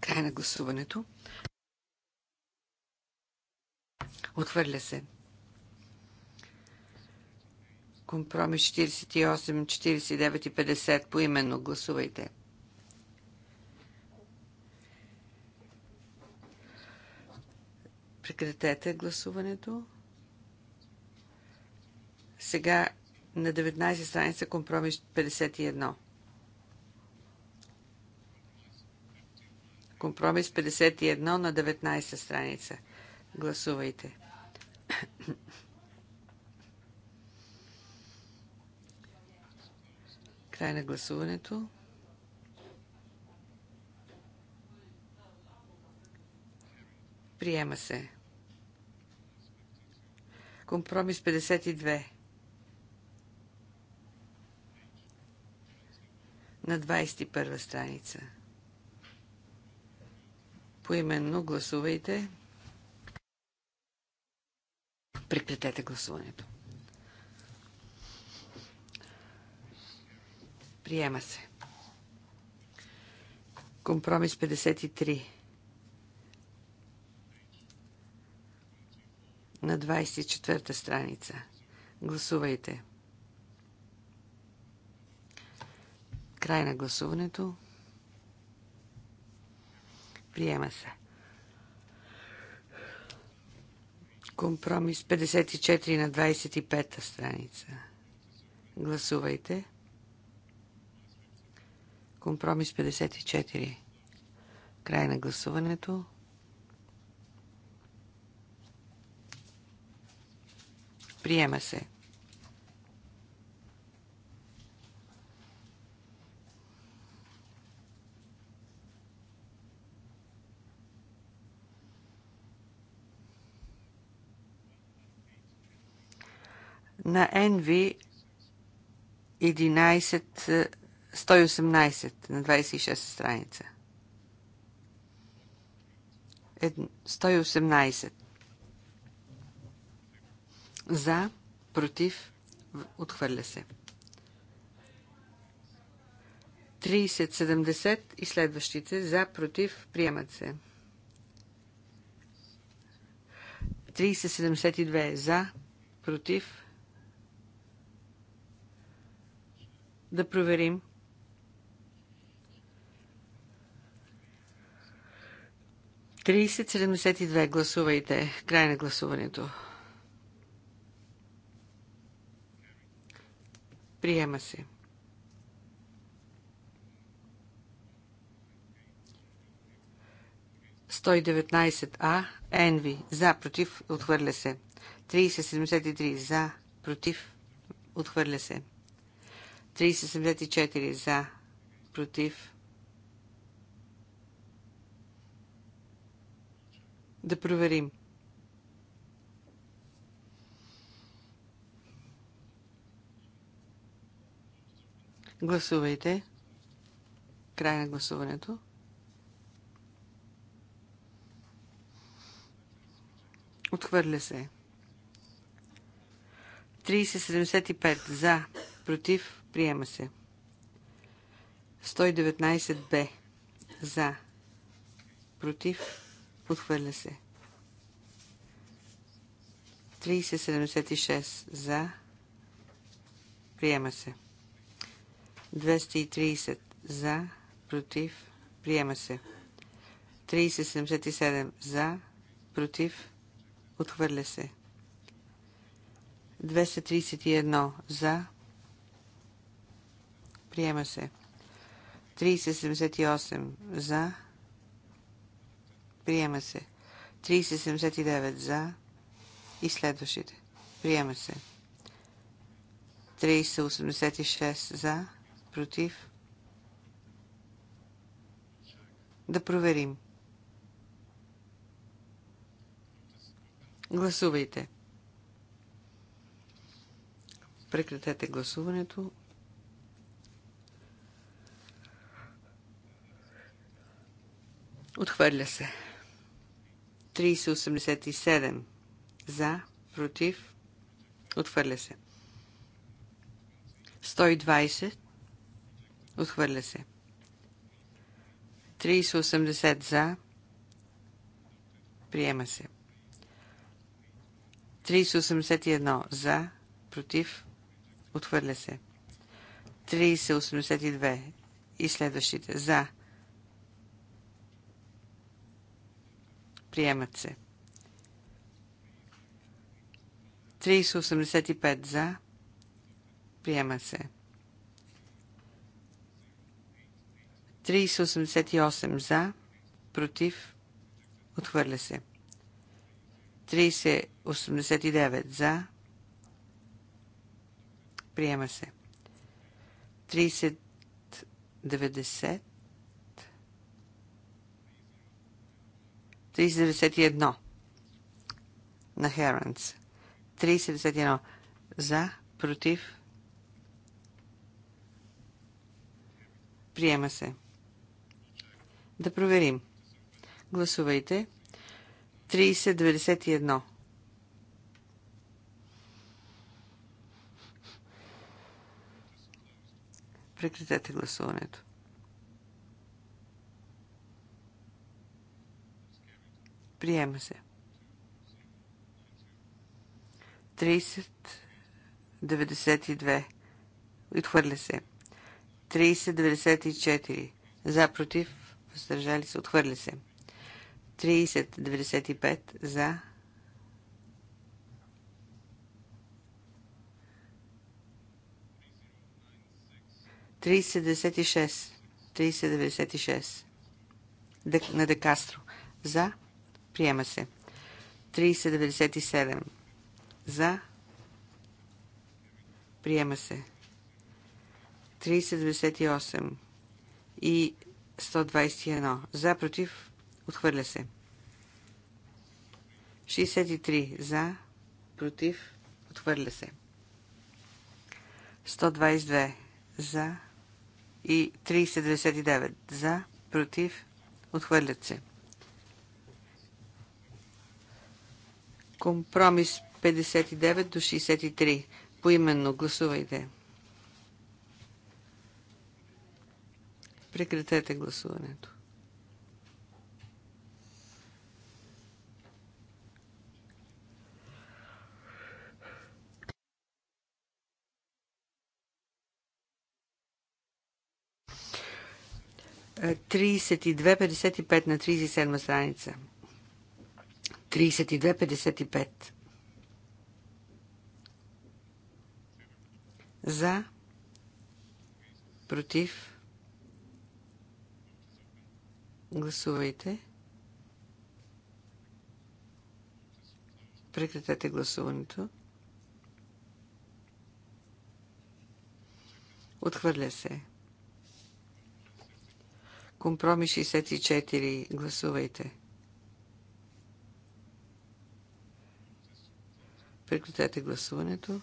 Край на гласуването. Отвърля се. Компромис 48, 49 и 50 по именно. Гласувайте. Прекратете гласуването. Сега на 19 страница компромис 51. Компромис 51 на 19 страница. Гласувайте. Край на гласуването. Приема се. Компромис 52. На 21 страница. Поименно гласувайте. Прекратете гласуването. Приема се. Компромис 53. на 24-та страница. Гласувайте. Край на гласуването. Приема се. Компромис 54 на 25-та страница. Гласувайте. Компромис 54. Край на гласуването. Приема се. на NV 11, 118 на 26 страница. 118. За, против, отхвърля се. 30-70 и следващите за, против, приемат се. 30-72 за, против. Да проверим. Тридесет седемдесет и две. Гласувайте. Край на гласуването. Приема се. Сто А. Енви. За. Против. Отхвърля се. 373 За. Против. Отхвърля се. 374 За. Против. Да проверим. 3073. Гласувайте. Край на гласуването. Отхвърля се. 3075 за, против, приема се. 119 б за, против, отхвърля се. 3076 за, приема се. 230 за, против, приема се. 377 за, против, отхвърля се. 231 за, приема се. 378 за, приема се. 379 за и следващите. Приема се. 386 за, против. Да проверим. Гласувайте. Прекратете гласуването. Отхвърля се. 387 за, против, отхвърля се. 120 Отхвърля се. 380 за. Приема се. 381 за. Против. Отхвърля се. 382 и следващите за. Приемат се. 385 за. Приема се. 3086 388 за, против, отхвърля се. 389 за, приема се. 391 на Херанс. 391 за, против, приема се. 392 да проверим. Гласувайте. 3091. Прекратете гласуването. Приема се. 3092. Отхвърля се. 3094. За против въздържали се, отхвърля се. 3095 за. Тридесет и шест. на Декастро. За. Приема се. 3097 за. Приема се. 3098 и 121. За, против, отхвърля се. 63. За, против, отхвърля се. 122. За и 399. За, против, отхвърлят се. Компромис 59 до 63. Поименно гласувайте. Прекратете гласуването. Тридесет и две пятьдесят и пет на тридесет и седма страница. Тридесет и две пятьдесят и пет. За. Против. Гласувайте. Прекратете гласуването. Отхвърля се. Компромис 64. Гласувайте. Прекратете гласуването.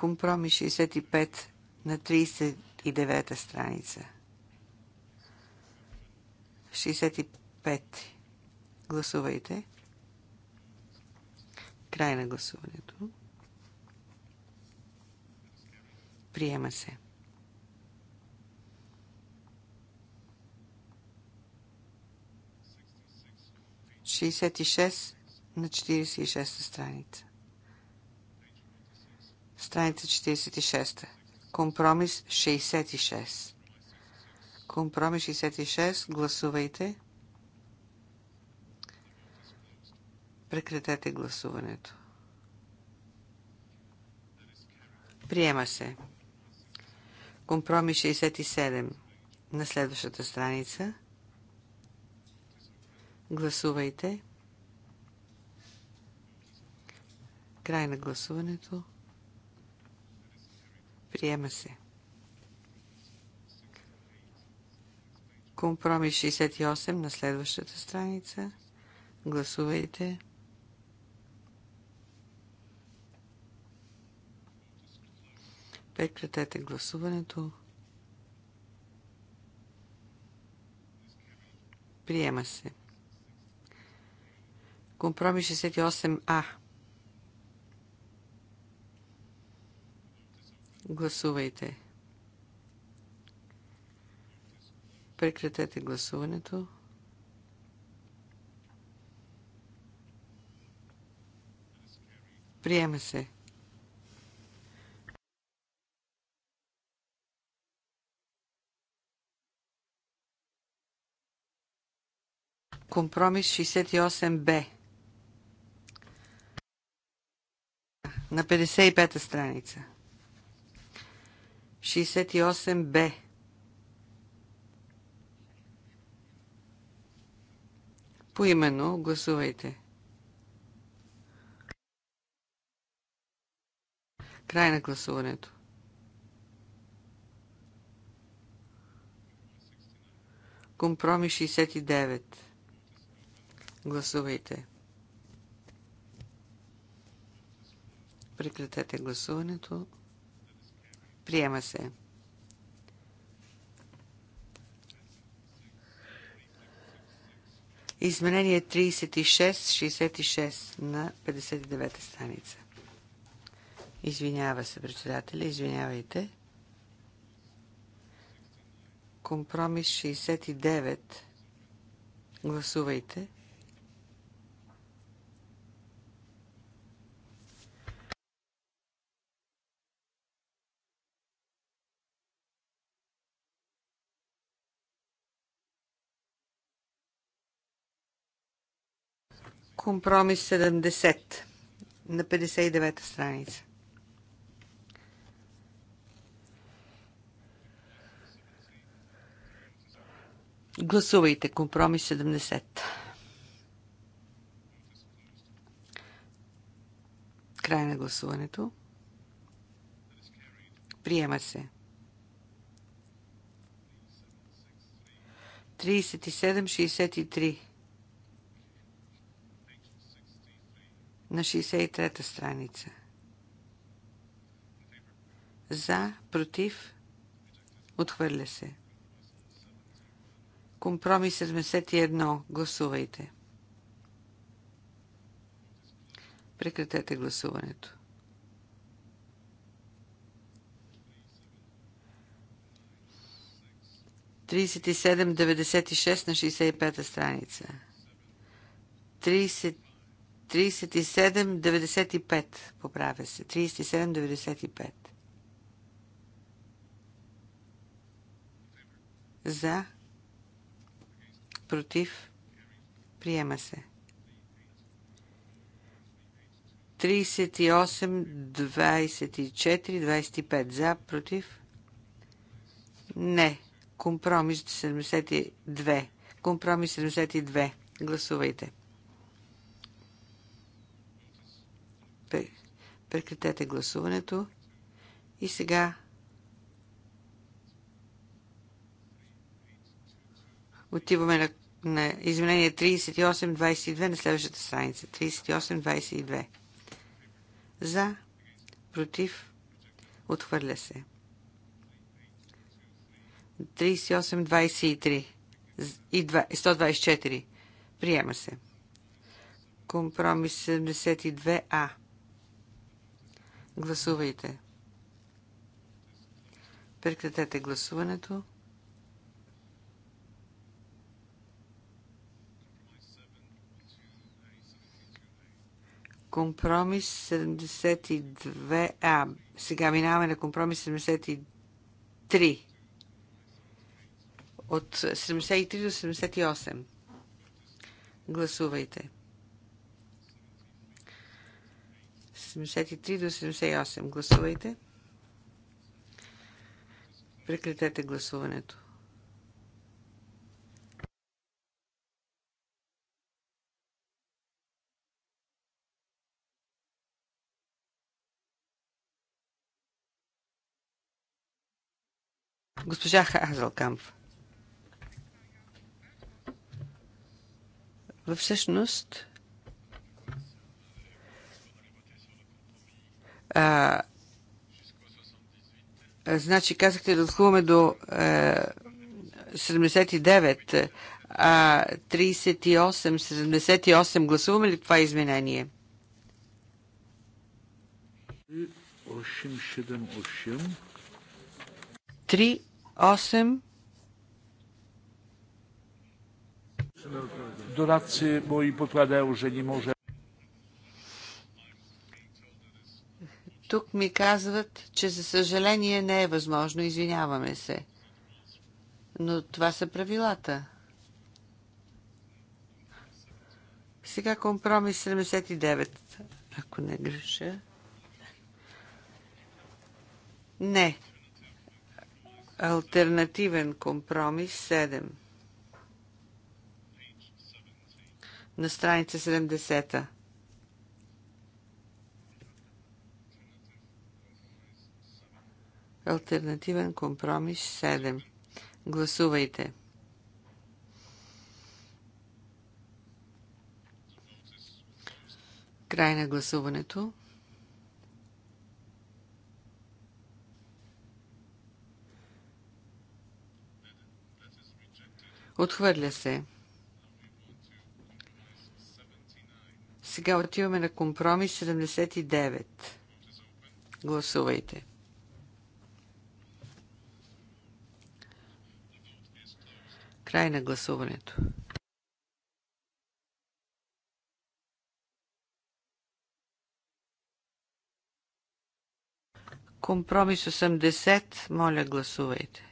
Компромис 65 на 39-та страница. 65. Гласувайте. Край на гласуването. Приема се. шесть на 46 страница. Страница 46. Компромис 66. Компромис 66. Гласувайте. Прекратете гласуването. Приема се. Компромис 67. На следващата страница. Гласувайте. Край на гласуването. Приема се. Компромис 68 на следващата страница. Гласувайте. Прекратете гласуването. Приема се. Компромис 68А Гласувайте. Прекратете гласуването. Приема се. Компромис 68Б. На 55-та страница. 68Б. Поименно гласувайте. Край на гласуването. Компромис 69. Гласувайте. Прекратете гласуването. Приема се. Изменение 36-66 на 59-та страница. Извинява се председателя, извинявайте. Компромис 69. Гласувайте. Компромис 70 на 59-та страница. Гласувайте компромис 70. Край на гласуването. Приема се. 37-63. на 63-та страница. За, против, отхвърля се. Компромис 71. Гласувайте. Прекратете гласуването. Тридесет и седем, на шестдесет и пета страница. Тридесет 37,95. Поправя се. 37,95. За. Против. Приема се. 38, 24, 25. За. Против. Не. Компромис 72. Компромис 72. Гласувайте. Прекратете гласуването. И сега отиваме на, на изменение 38-22 на следващата страница. 38-22. За, против, отхвърля се. 38-23 и 124. Приема се. Компромис 72А. Гласувайте. Прекратете гласуването. Компромис 72. А, сега минаваме на компромис 73. От 73 до 78. Гласувайте. 73 до 78. Гласувайте. Прекратете гласуването. Госпожа Хазелкамп. Всъщност, А, значи казахте да гласуваме до е, 79, а 38, 78 гласуваме ли това е изменение? 878. 3, 8. Doradcy moi podkładają, że nie może. Тук ми казват, че за съжаление не е възможно, извиняваме се. Но това са правилата. Сега компромис 79, ако не греша. Не. Альтернативен компромис 7. На страница 70. Альтернативен компромис 7. Гласувайте. Край на гласуването. Отхвърля се. Сега отиваме на компромис 79. Гласувайте. Край на гласуването. Компромис 80. Моля, гласувайте.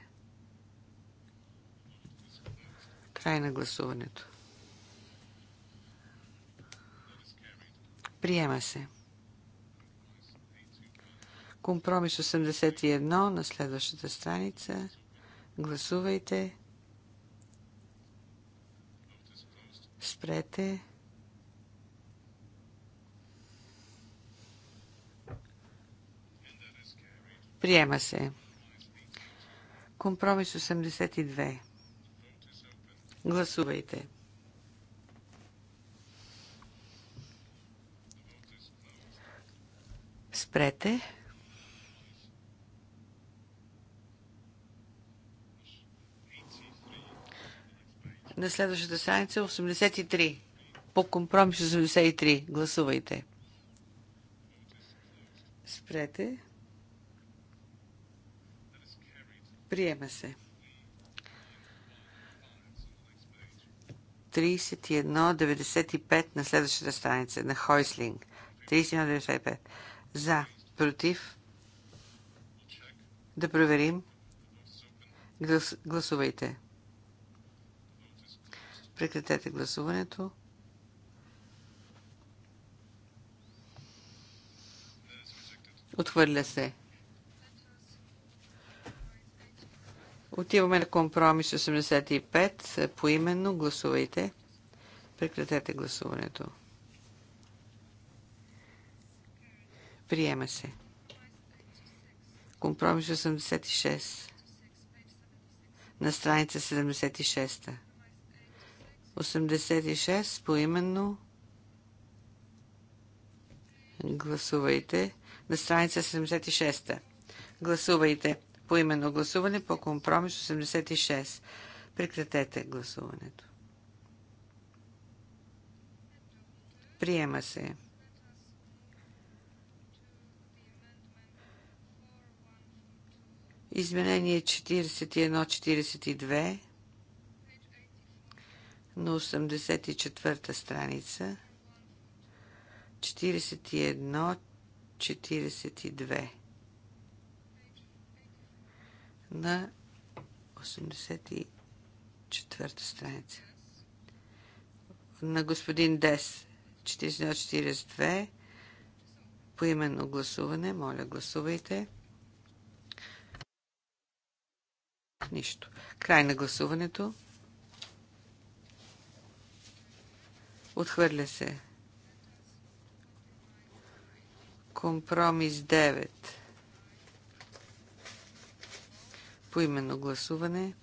Край на гласуването. Приема се. Компромис 81 на следващата страница. Гласувайте. Спрете. Приема се. Компромис 82. Гласувайте. Спрете. на следващата страница 83. По компромис 83. Гласувайте. Спрете. Приема се. 31.95 на следващата страница на Хойслинг. 31.95. За. Против. Да проверим. Глас, гласувайте. Прекратете гласуването. Отхвърля се. Отиваме на компромис 85. Поименно гласувайте. Прекратете гласуването. Приема се. Компромис 86. На страница 76. 86 поименно. Гласувайте. На страница 76. Гласувайте. Поименно гласуване по компромис 86. Прекратете гласуването. Приема се. Изменение 41-42 на 84-та страница 41-42 на 84-та страница на господин Дес 41-42 поименно гласуване. Моля, гласувайте. Нищо. Край на гласуването. Отхвърля се. Компромис 9. Поименно гласуване.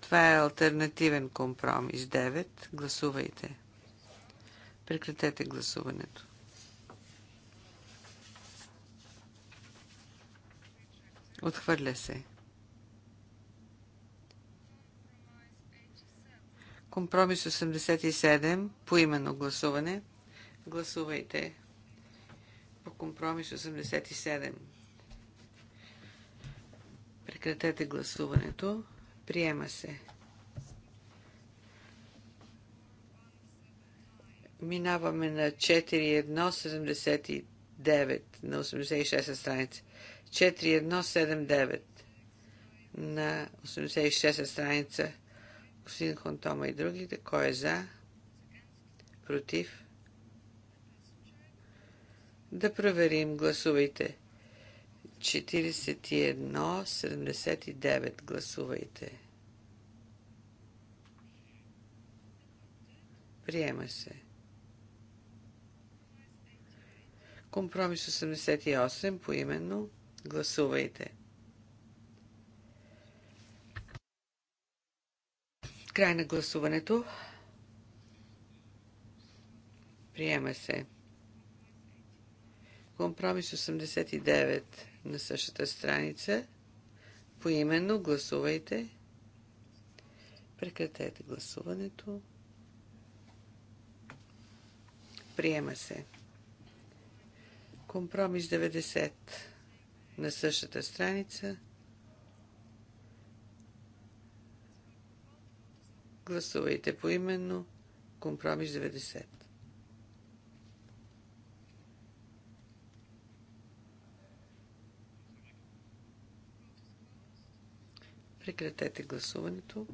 Това е альтернативен компромис 9. Гласувайте. Прекратете гласуването. Отхвърля се. Компромис 87 по гласуване. Гласувайте по компромис 87. Прекратете гласуването. Приема се. Минаваме на 4179 на 86 страница. 4179 на 86 страница господин Хонтома и другите. Кой е за? Против? Да проверим. Гласувайте. 41-79. Гласувайте. Приема се. Компромис 88 поименно. Гласувайте. 41-79. Край на гласуването. Приема се. Компромис 89 на същата страница. Поименно гласувайте. Прекратете гласуването. Приема се. Компромис 90 на същата страница. Гласувайте по именно компромис 90. Прекратете гласуването.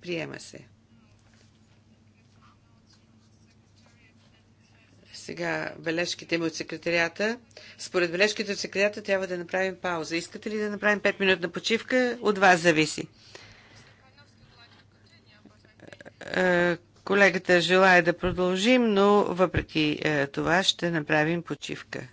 Приема се. Сега бележките ми от секретарията. Според бележките от секретарията трябва да направим пауза. Искате ли да направим 5 минутна почивка? От вас зависи. Е, колегата желая да продължим, но въпреки е, това ще направим почивка.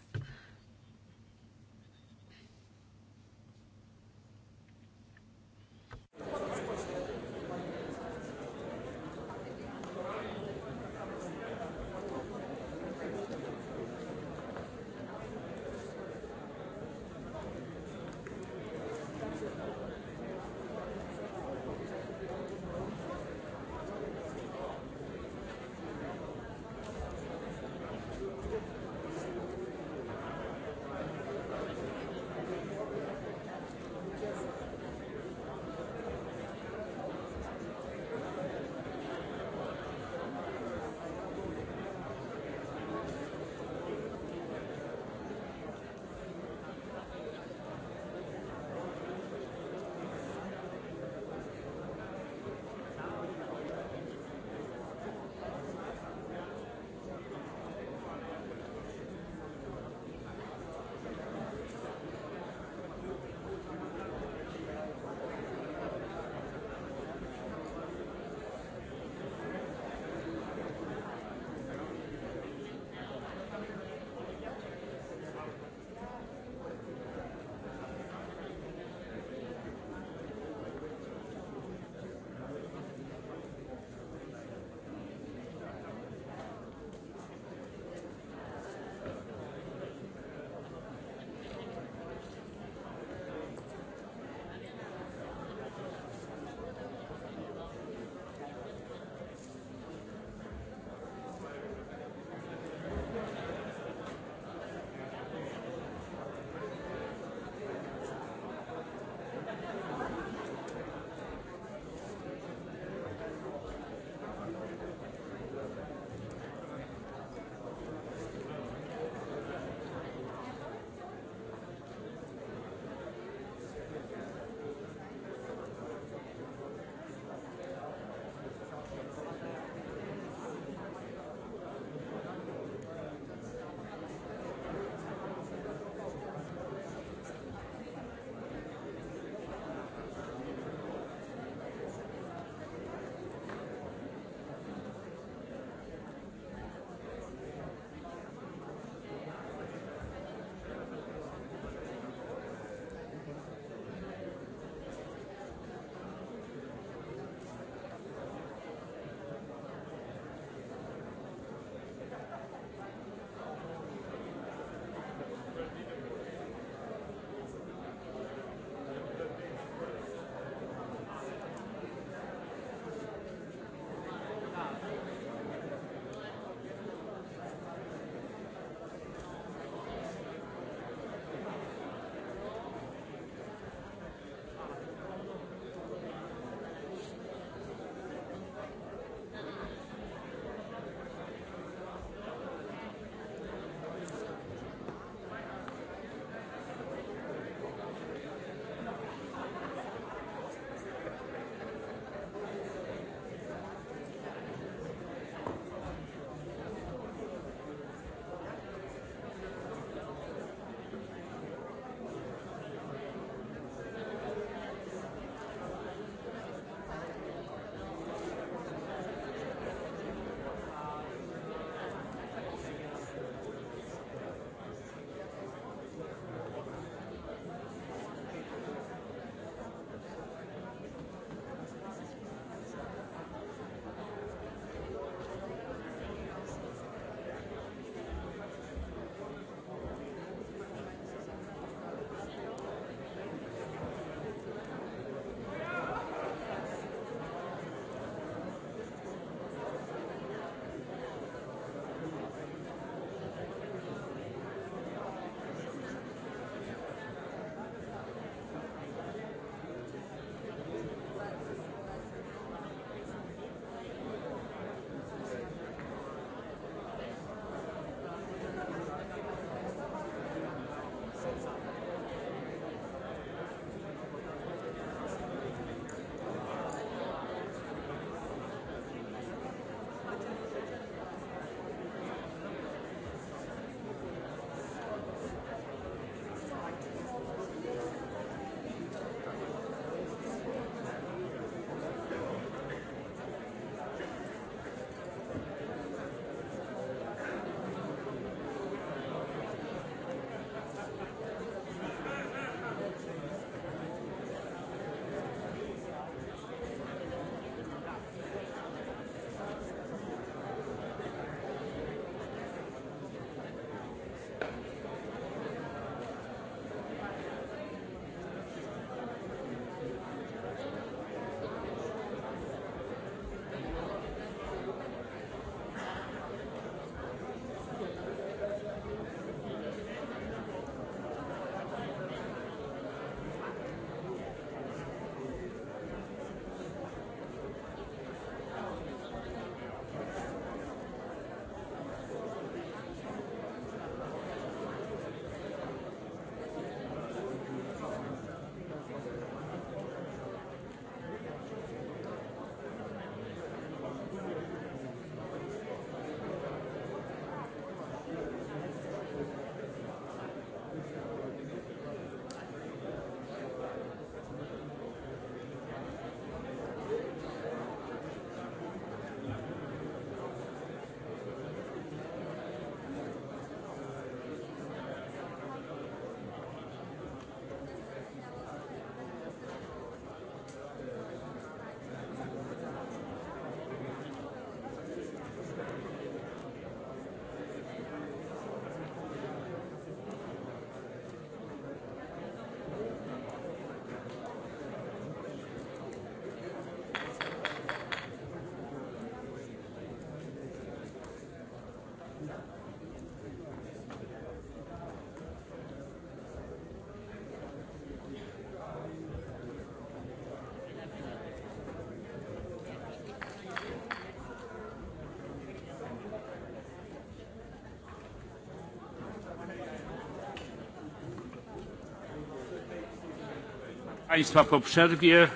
Państwa po przerwie.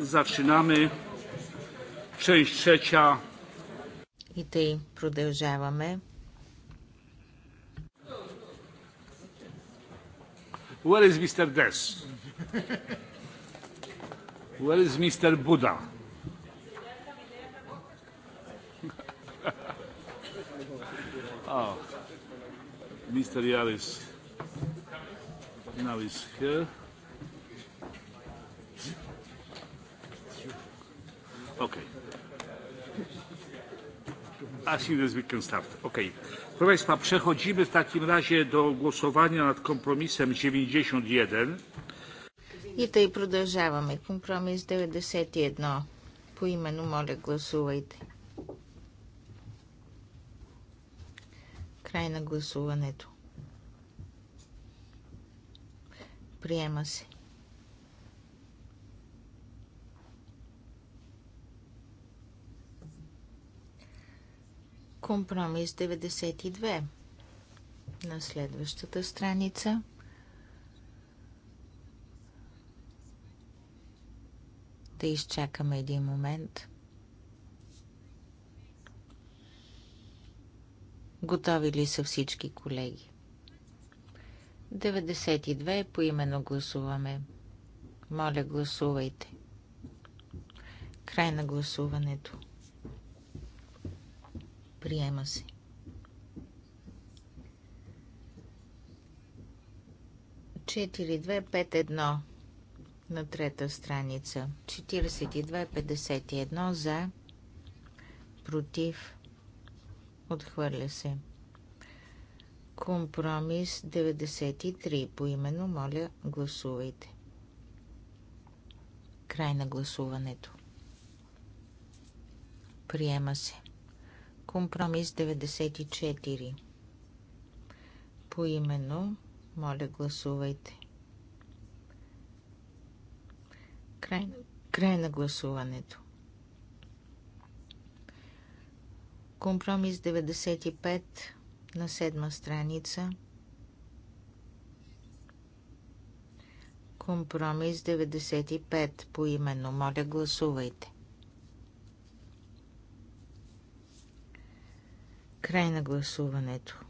Zaczynamy. Część trzecia. I tej продължаваме. Where is Mr. Des? Where is Mr. Buddha? oh, Mr. Yaris now is here. Okay. As soon as we can start. Okay. Proszę Państwa, przechodzimy w takim razie do głosowania nad kompromisem 91. I tutaj продължаваме. Компромис 91. По именно моля, гласувайте. Край на гласуването. Приема се. Компромис 92. На следващата страница. Да изчакаме един момент. Готови ли са всички колеги? 92 по имено гласуваме. Моля, гласувайте. Край на гласуването. Приема се. Четири, две, пет, едно. На трета страница. 42-51 за. Против. Отхвърля се. Компромис 93. Поименно моля, гласувайте. Край на гласуването. Приема се. Компромис 94. Поименно, моля, гласувайте. Край, край на гласуването. Компромис 95 на седма страница. Компромис 95 по именно. Моля, гласувайте. Край на гласуването.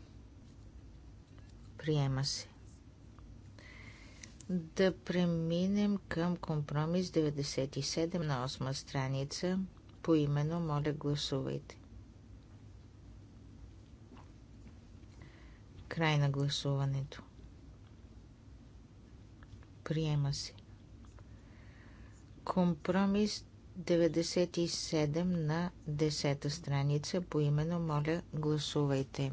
Приема се. Да преминем към компромис 97 на 8 страница. По именно, моля, гласувайте. Край на гласуването. Приема се. Компромис 97 на 10 та страница. По именно моля, гласувайте.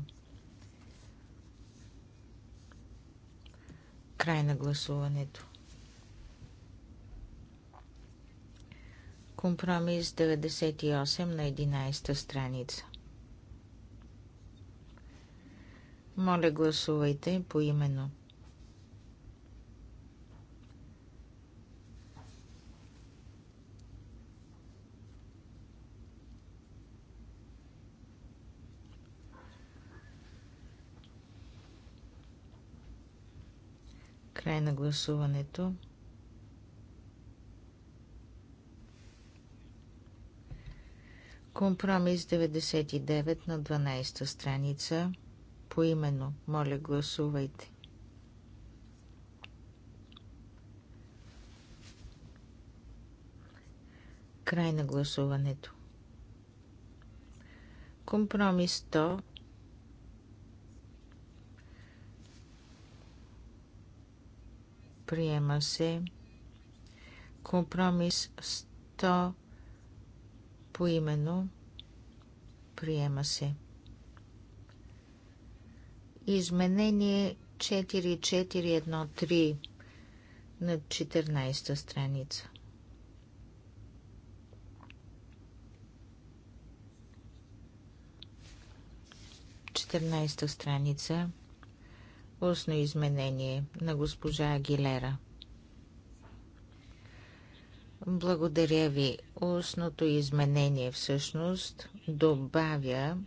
Край на гласуването. Компромис 98 на 11 та страница. Моля, гласувайте по именно. Край на гласуването. Компромис 99 на 12 страница поименно. Моля, гласувайте. Край на гласуването. Компромис 100 приема се. Компромис 100 поименно приема се. Изменение 4413 на 14-та страница. страница. Устно изменение на госпожа Агилера. Благодаря ви. Устното изменение всъщност добавя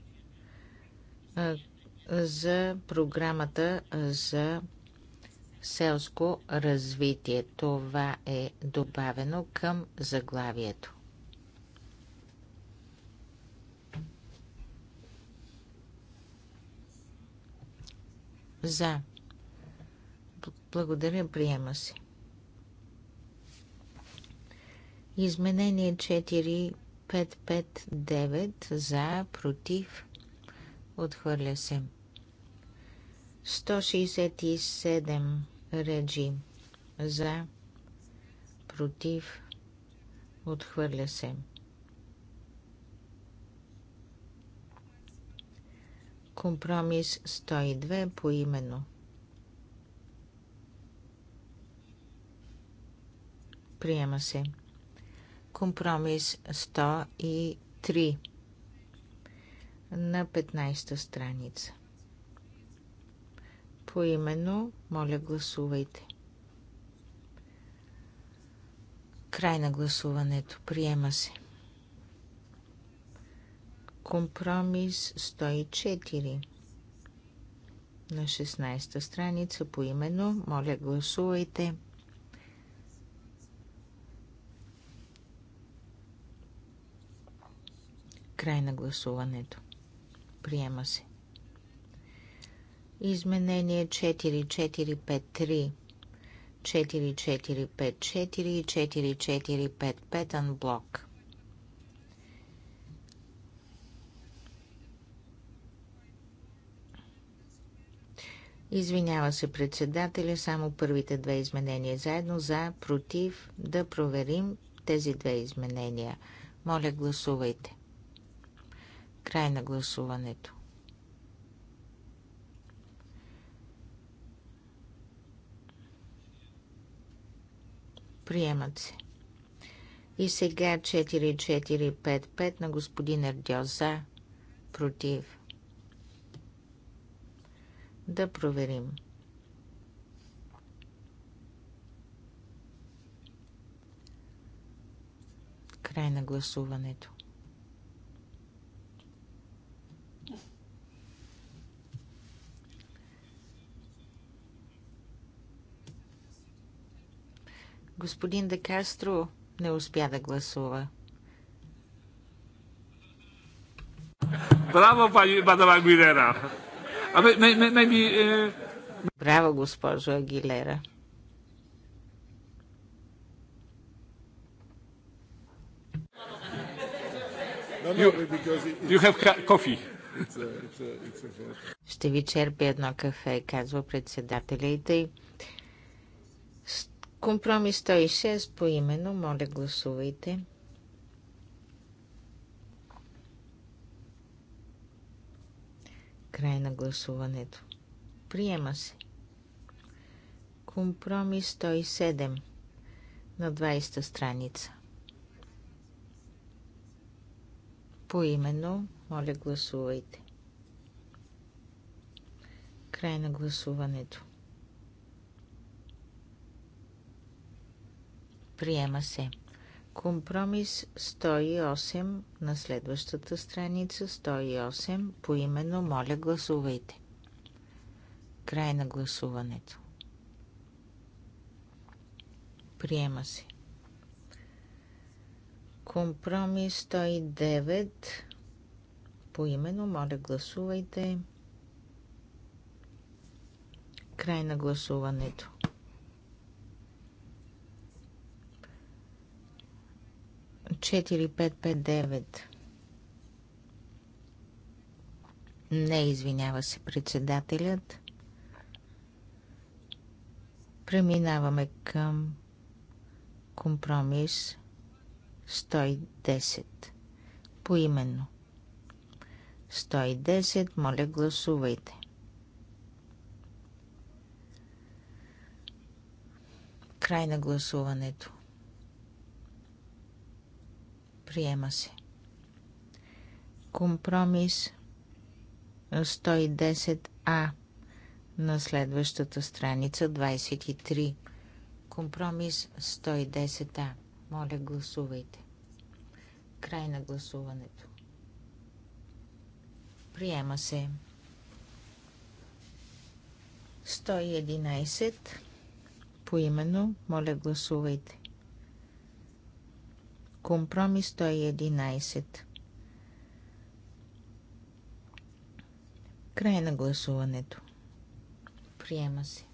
за програмата за селско развитие. Това е добавено към заглавието. За. Благодаря, приема се. Изменение 4559 за, против, отхвърля се. 167 реджи за, против, отхвърля се. Компромис 102 по имено. Приема се. Компромис 103 на 15 страница. Поименно, моля гласувайте. Край на гласуването. Приема се. Компромис 104 на 16-та страница по именно. Моля, гласувайте. Край на гласуването. Приема се. Изменение 4453, 4454 и 4455 анблок. Извинява се председателя, само първите две изменения заедно за, против, да проверим тези две изменения. Моля, гласувайте. Край на гласуването. Приемат се. И сега 4455 на господин Ердьо за, против. Да проверим. Край на гласуването. Господин Де Кастро не успя да гласува. Браво, пани, мадам Агилера! Абе, не, не, не ми... Е... Браво, госпожо Агилера! You, you have coffee. Ще ви черпя едно кафе, казва председателя и тъй. Компромис 106 по именно. Моля, гласувайте. Край на гласуването. Приема се. Компромис 107 на 20-та страница. По именно, моля, гласувайте. Край на гласуването. Приема се. Компромис 108 на следващата страница 108 по именно моля гласувайте. Край на гласуването. Приема се. Компромис 109 по именно моля гласувайте. Край на гласуването. 4559. Не извинява се председателят. Преминаваме към компромис 110. Поименно. 110, моля гласувайте. Край на гласуването. Приема се. Компромис 110А на следващата страница 23. Компромис 110А. Моля, гласувайте. Край на гласуването. Приема се. 111. Поименно, моля, гласувайте. Компромис 111. Край на гласуването. Приема се.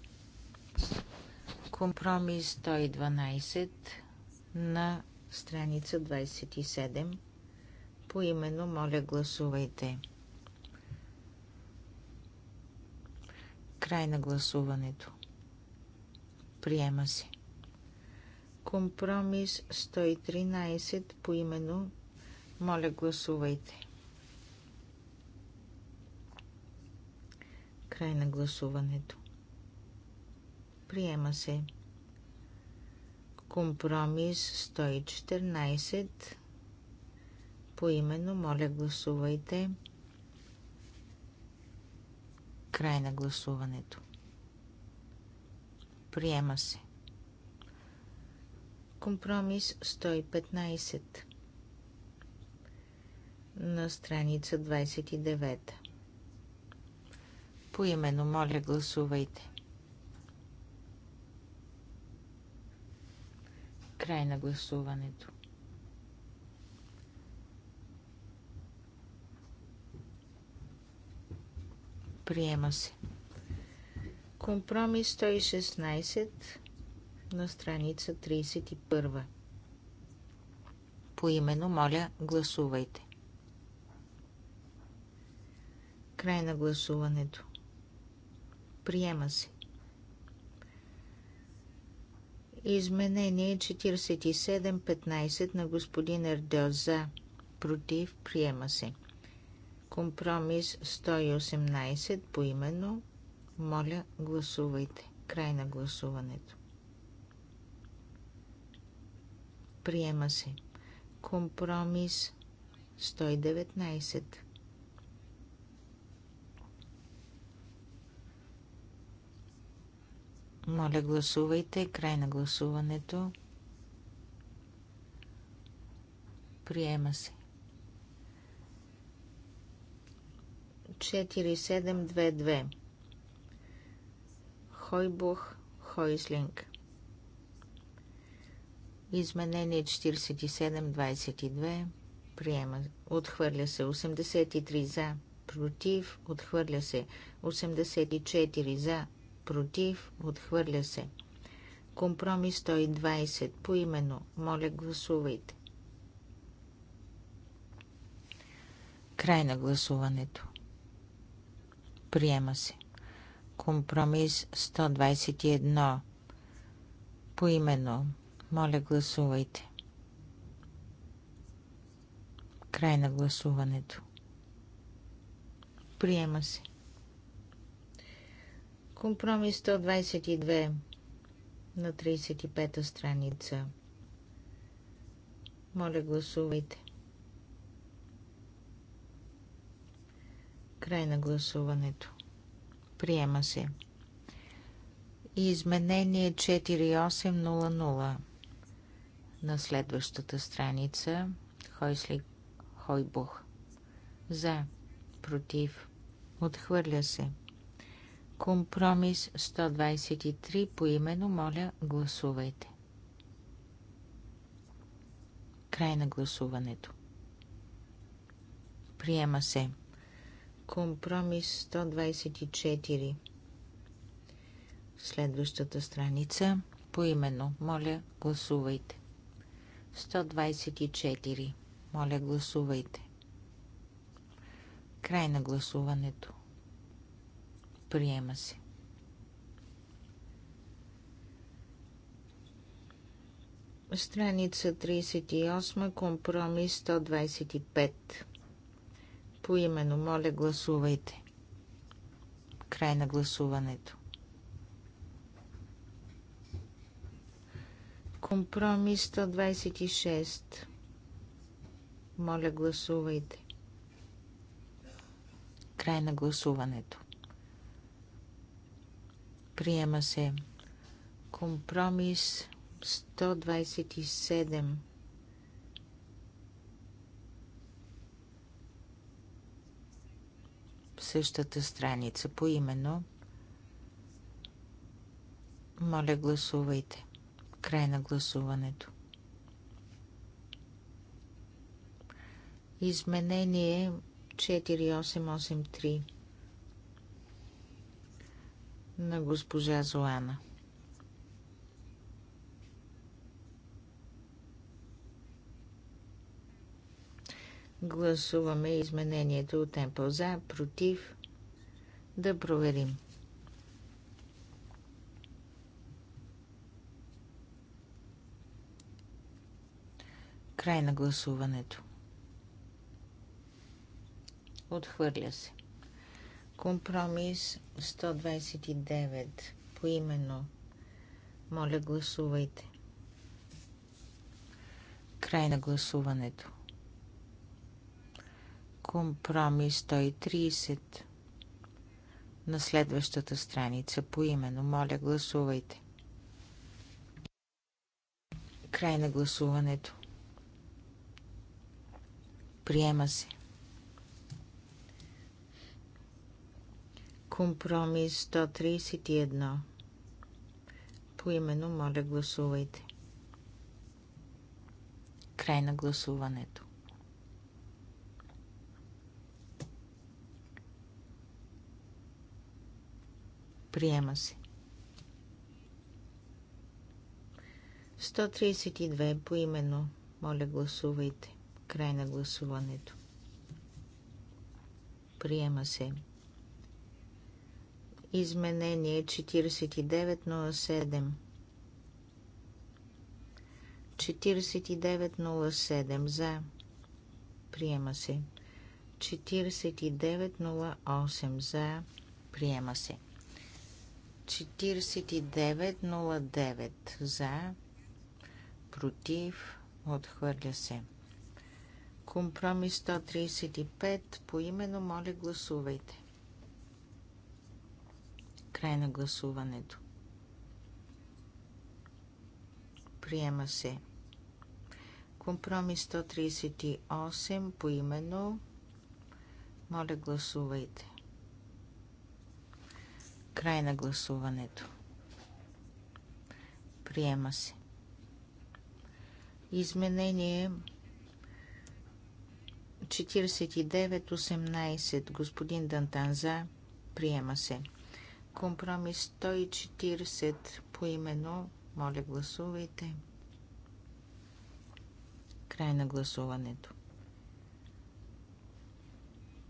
Компромис 112 на страница 27. По именно моля гласувайте. Край на гласуването. Приема се. Компромис 113 по имено Моля, гласувайте. Край на гласуването. Приема се. Компромис 114 по именно. Моля, гласувайте. Край на гласуването. Приема се. Компромис 115 на страница 29. Поимено, моля, гласувайте. Край на гласуването. Приема се. Компромис 116 на страница 31. По именно моля, гласувайте. Край на гласуването. Приема се. Изменение 47-15 на господин Ердоза. за. Против. Приема се. Компромис 118 по именно. Моля, гласувайте. Край на гласуването. Приема се. Компромис 119. Моля, гласувайте. Край на гласуването. Приема се. 4722. Хойбух, Хойслинг. 4722. Изменение 47-22. Приема. Отхвърля се 83 за. Против. Отхвърля се 84 за. Против. Отхвърля се. Компромис 120. Поимено. Моля, гласувайте. Край на гласуването. Приема се. Компромис 121. Поимено. Моля, гласувайте. Край на гласуването. Приема се. Компромис 122 на 35-та страница. Моля, гласувайте. Край на гласуването. Приема се. Изменение 4800 на следващата страница Хойсли Хойбух. За, против, отхвърля се. Компромис 123 по имено, моля, гласувайте. Край на гласуването. Приема се. Компромис 124. Следващата страница. По имено, моля, гласувайте. 124. Моля, гласувайте. Край на гласуването. Приема се. Страница 38, компромис 125. Поимено, моля, гласувайте. Край на гласуването. Компромис 126. Моля, гласувайте. Край на гласуването. Приема се. Компромис 127. В същата страница по именно. Моля, гласувайте. Край на гласуването. Изменение 4883 на госпожа Зоана. Гласуваме изменението от темпо за, против. Да проверим. Край на гласуването. Отхвърля се. Компромис 129. Поимено. Моля, гласувайте. Край на гласуването. Компромис 130. На следващата страница Поимено Моля, гласувайте. Край на гласуването. Приема се. Компромис 131. Поимено, моля, гласувайте. Край на гласуването. Приема се. 132. Поимено, моля, гласувайте. Край на гласуването. Приема се. Изменение 4907. 4907 за. Приема се. 4908 за. Приема се. 4909 за. Против. Отхвърля се. Компромис 135 по именно моля гласувайте. Край на гласуването. Приема се. Компромис 138 по именно моля гласувайте. Край на гласуването. Приема се. Изменение 49-18. Господин Дантан за. Приема се. Компромис 140 по именно. Моля, гласувайте. Край на гласуването.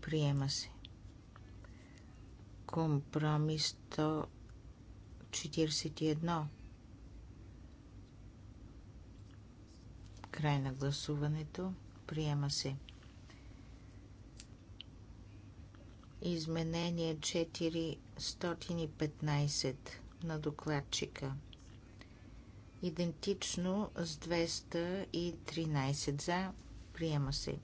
Приема се. Компромис 141. Край на гласуването. Приема се. изменение 415 на докладчика. Идентично с 213 за. Приема се.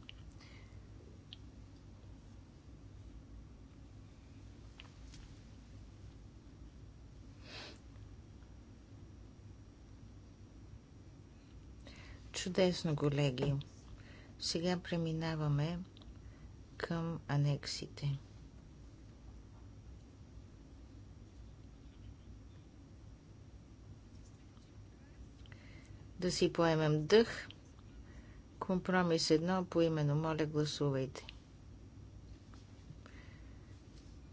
Чудесно, колеги. Сега преминаваме към анексите. Да си поемем дъх. Компромис едно по именно. Моля, гласувайте.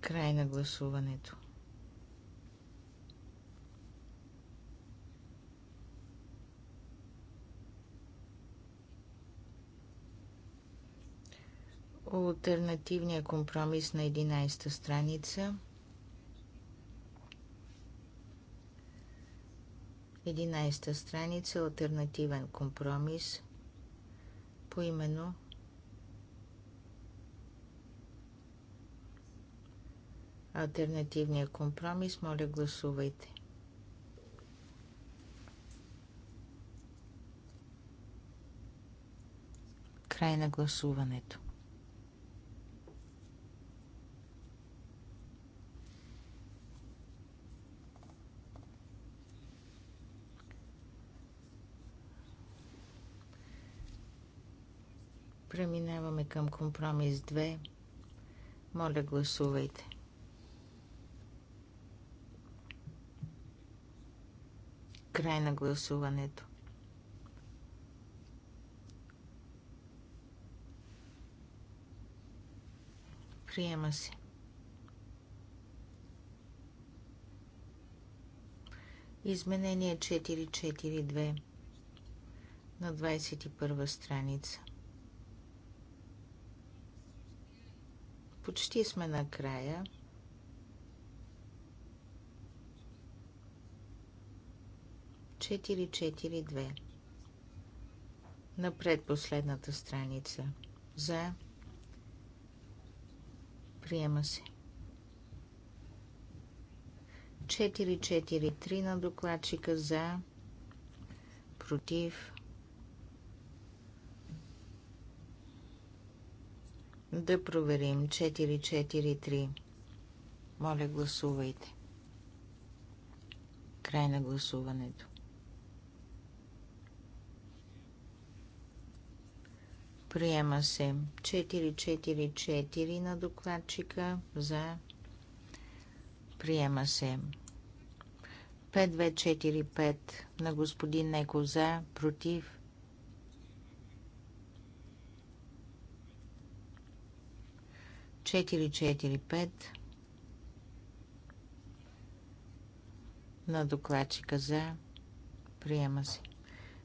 Край на гласуването. Альтернативния компромис на 11-та страница – 11-та страница альтернативен компромис по именно альтернативния компромис. Моля, гласувайте. Край на гласуването. Преминаваме към компромис 2. Моля, гласувайте. Край на гласуването. Приема се. Изменение 442 на 21 страница. Почти сме на края. Четири, четири, две. На предпоследната страница. За. Приема се. 443 на докладчика за. Против. Да проверим 443. Моля, гласувайте. Край на гласуването. Приема се 444 на докладчика за. Приема се 5245 на господин Неко за, против 445 на докладчика за. Приема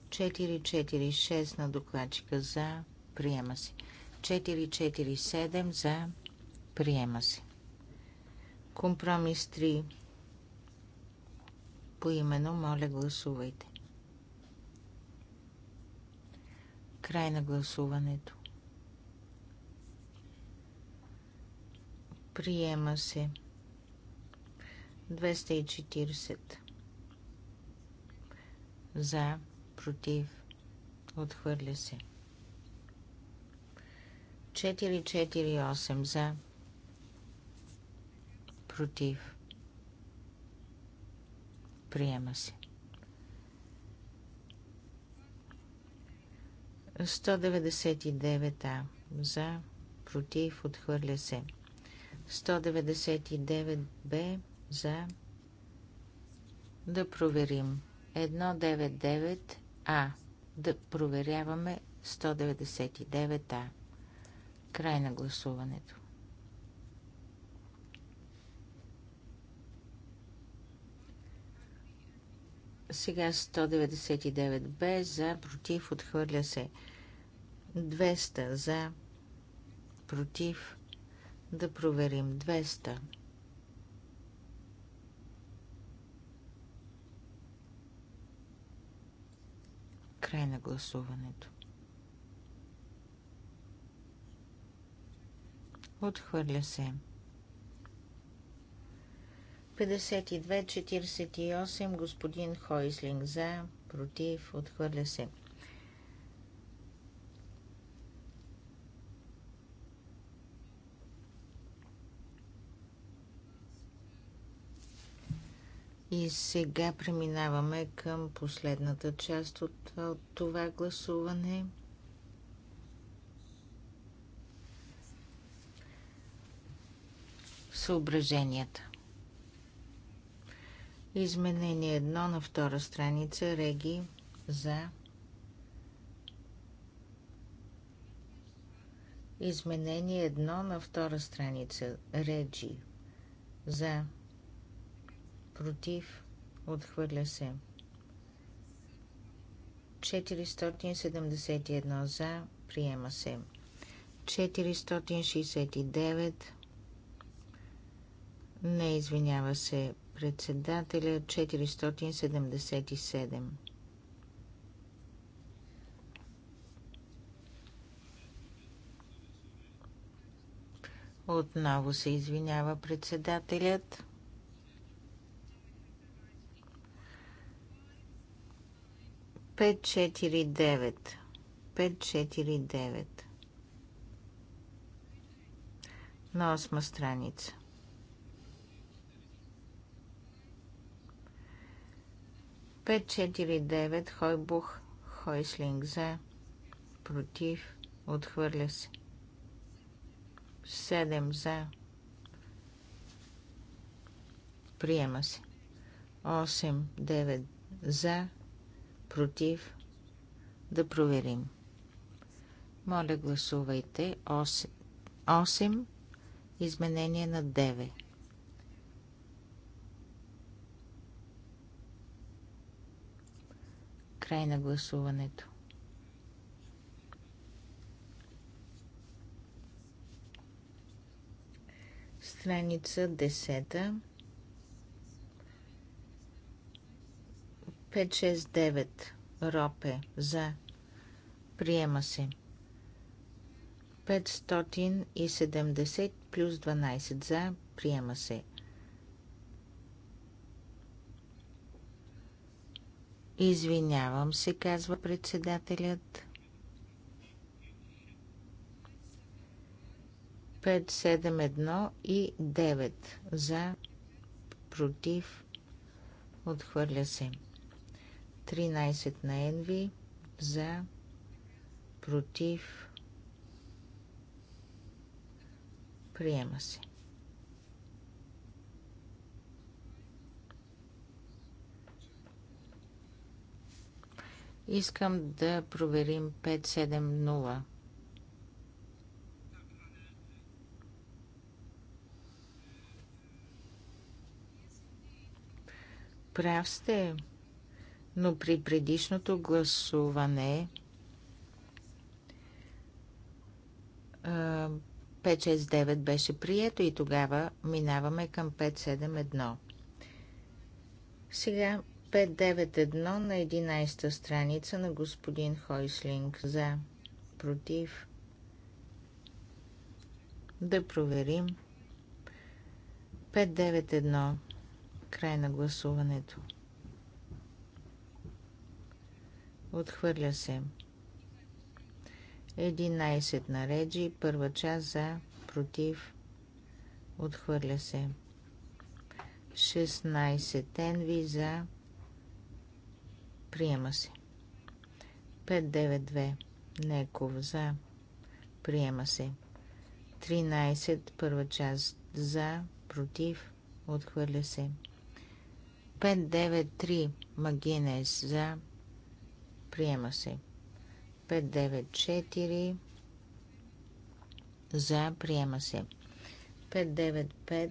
4 446 на докладчика за. Приема се. 447 за. Приема се. Компромис 3. По именно моля гласувайте. Край на гласуването. Приема се. 240. За, против, отхвърля се. 448 за, против, приема се. 199а за, против, отхвърля се. 199 Б за. Да проверим. 199 А. Да проверяваме 199 А. Край на гласуването. Сега 199 Б за, против, отхвърля се. 200 за, против, да проверим 200. Край на гласуването. Отхвърля се. 52-48 господин Хойслинг за, против, отхвърля се. 53 И сега преминаваме към последната част от, това гласуване. Съображенията. Изменение 1 на втора страница. Реги за. Изменение 1 на втора страница. Реги. за против, отхвърля се. 471 за, приема се. 469 не извинява се председателя 477. Отново се извинява председателят. 549. На осма страница. Пет, четири, девет, хой слинг за, против, отхвърля се. Седем за, приема се. Осем, девет за, против, да проверим. Моля, гласувайте 8, 8 изменение на 9. Край на гласуването. Страница 10. 569 Ропе за. Приема се. 570 плюс 12 за. Приема се. Извинявам се, казва председателят. 571 и 9 за. Против. Отхвърля се. 13 на Енви за против приема се. Искам да проверим 570. Прав сте но при предишното гласуване 569 беше прието и тогава минаваме към 571. Сега 591 на 11-та страница на господин Хойслинг за против. Да проверим. 591. Край на гласуването. Отхвърля се. 11 на Реджи, първа част за, против, отхвърля се. 16 Енви за, приема се. 592 Неков за, приема се. 13 първа част за, против, отхвърля се. 593 Магинес за, Приема се. 594 за. Приема се. 595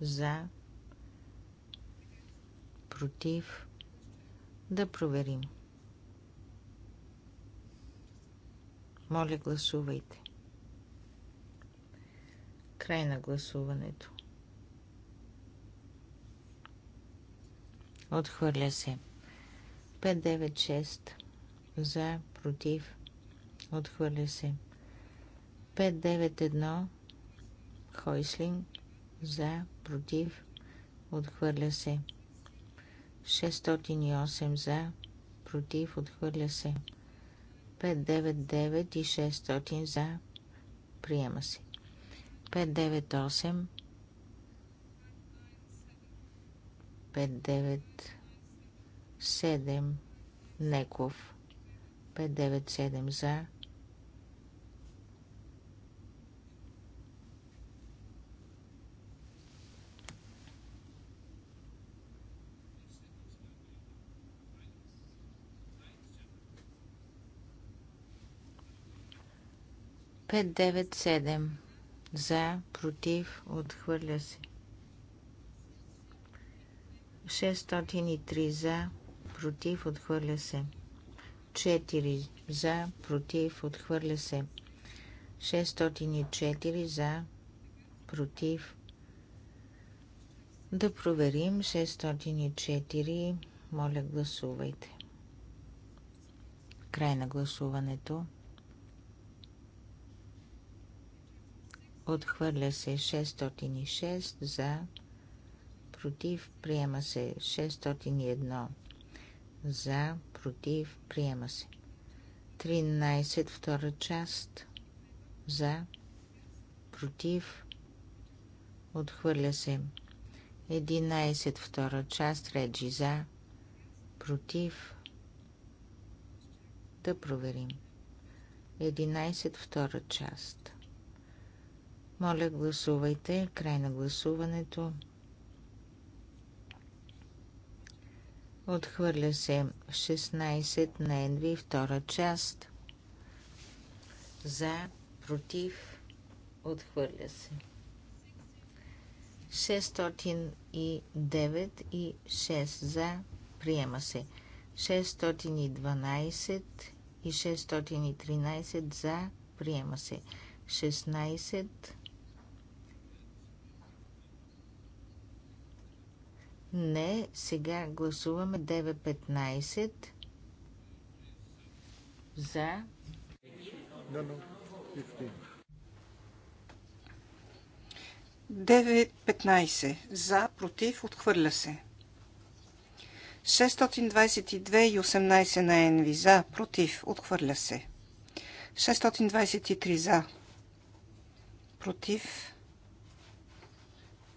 за. Против. Да проверим. Моля, гласувайте. Край на гласуването. Отхвърля се. 596 за, против, отхвърля се. 591 Хойслин за, против, отхвърля се. 608 за, против, отхвърля се. 599 и 600 за, приема се. 598 7 Неков 597 за Пет девет седем за, против, отхвърля се. и три за, против, отхвърля се. 4 за, против, отхвърля се. 604 за, против. Да проверим 604. Моля, гласувайте. Край на гласуването. Отхвърля се 606 за, против, приема се 601 за, против, приема се. 13 втора част за, против, отхвърля се. 11 втора част реджи за, против, да проверим. 11 втора част. Моля, гласувайте. Край на гласуването. Отхвърля се 16 на Енви, втора част. За, против, отхвърля се. 609 и 6 за, приема се. 612 и 613 за, приема се. 16 Не, сега гласуваме 9.15 за. No, no. 9.15 за, против, отхвърля се. 622 и 18 на Енви за, против, отхвърля се. 623 за, против,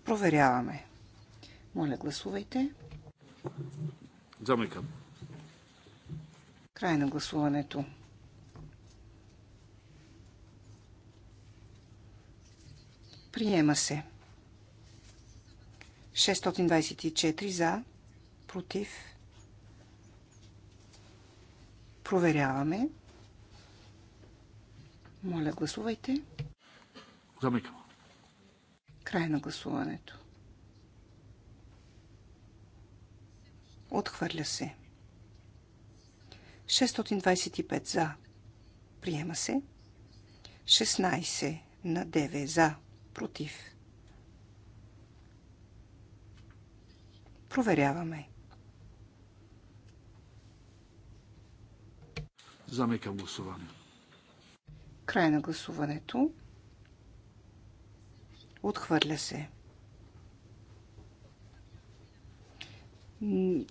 проверяваме. Моля, гласувайте. Замикам. Край на гласуването. Приема се. 624 за, против. Проверяваме. Моля, гласувайте. Замикам. Край на гласуването. Отхвърля се. 625 за. Приема се. 16 на 9 за. Против. Проверяваме. Замекам гласуване. Край на гласуването. Отхвърля се.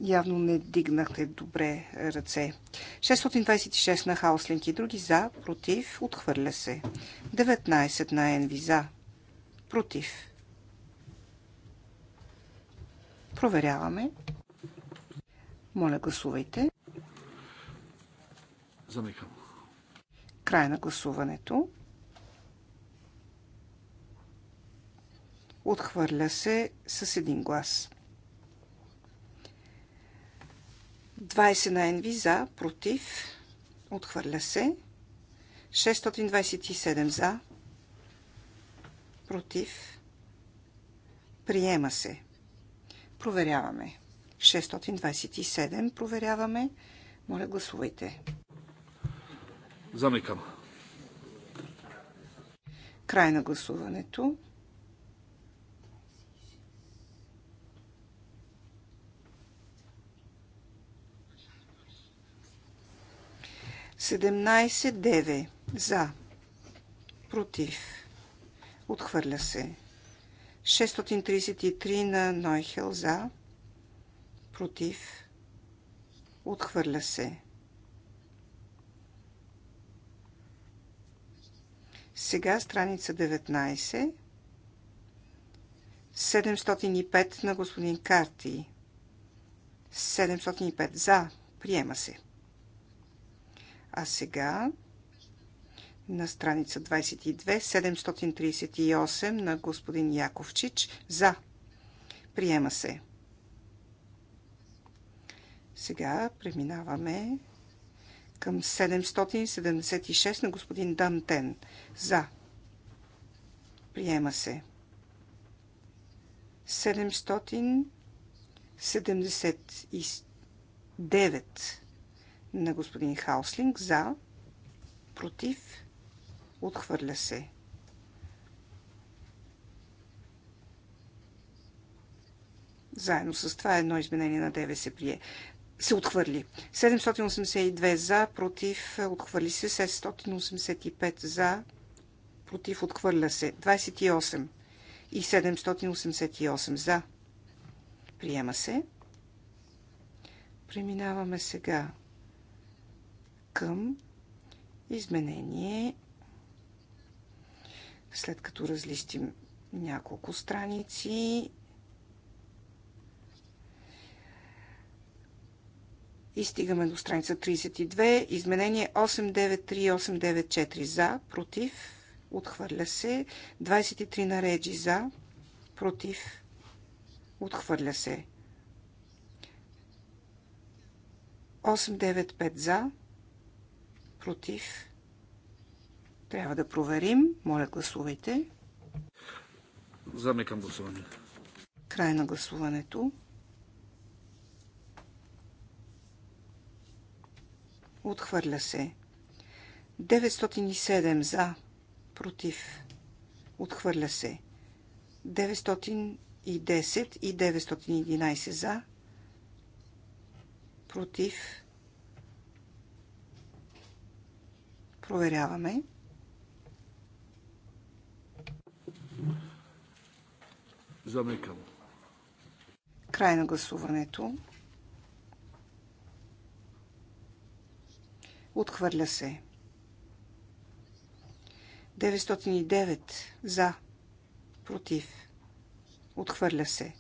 Явно не дигнахте добре ръце. 626 на Хауслинг и други за, против, отхвърля се. 19 на Енви за, против. Проверяваме. Моля, гласувайте. Замикам. Край на гласуването. Отхвърля се с един глас. 20 на Енви за, против, отхвърля се. 627 за, против, приема се. Проверяваме. 627 проверяваме. Моля, гласувайте. Замикам. Край на гласуването. 17 деве за. Против. Отхвърля се. 633 на Нойхел за. Против. Отхвърля се. Сега страница 19. 705 на господин Карти. 705 за. Приема се. А сега на страница 22, 738 на господин Яковчич. За. Приема се. Сега преминаваме към 776 на господин Дантен. За. Приема се. 779 на господин Хауслинг за, против, отхвърля се. Заедно с това едно изменение на 9 се прие. Се отхвърли. 782 за, против, отхвърли се. 685 за, против, отхвърля се. 28 и 788 за. Приема се. Преминаваме сега към изменение, след като разлистим няколко страници, и стигаме до страница 32. Изменение 893894 за, против, отхвърля се. 23 на Реджи за, против, отхвърля се. 895 за, против. Трябва да проверим. Моля, гласувайте. Замекам гласуване. Край на гласуването. Отхвърля се. 907 за, против. Отхвърля се. 910 и 911 за, против. Проверяваме. Замекам. Край на гласуването. Отхвърля се. 909 за. Против. Отхвърля се.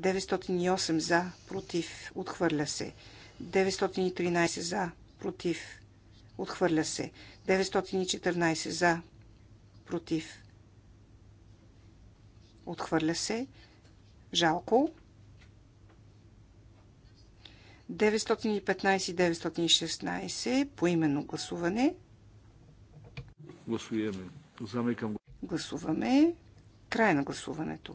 908 за. Против. Отхвърля се. 913 за. Против. Отхвърля се. 914 за. Против. Отхвърля се. Жалко. 915 916 по именно гласуване. Гласуваме. Гласуваме. Край на гласуването.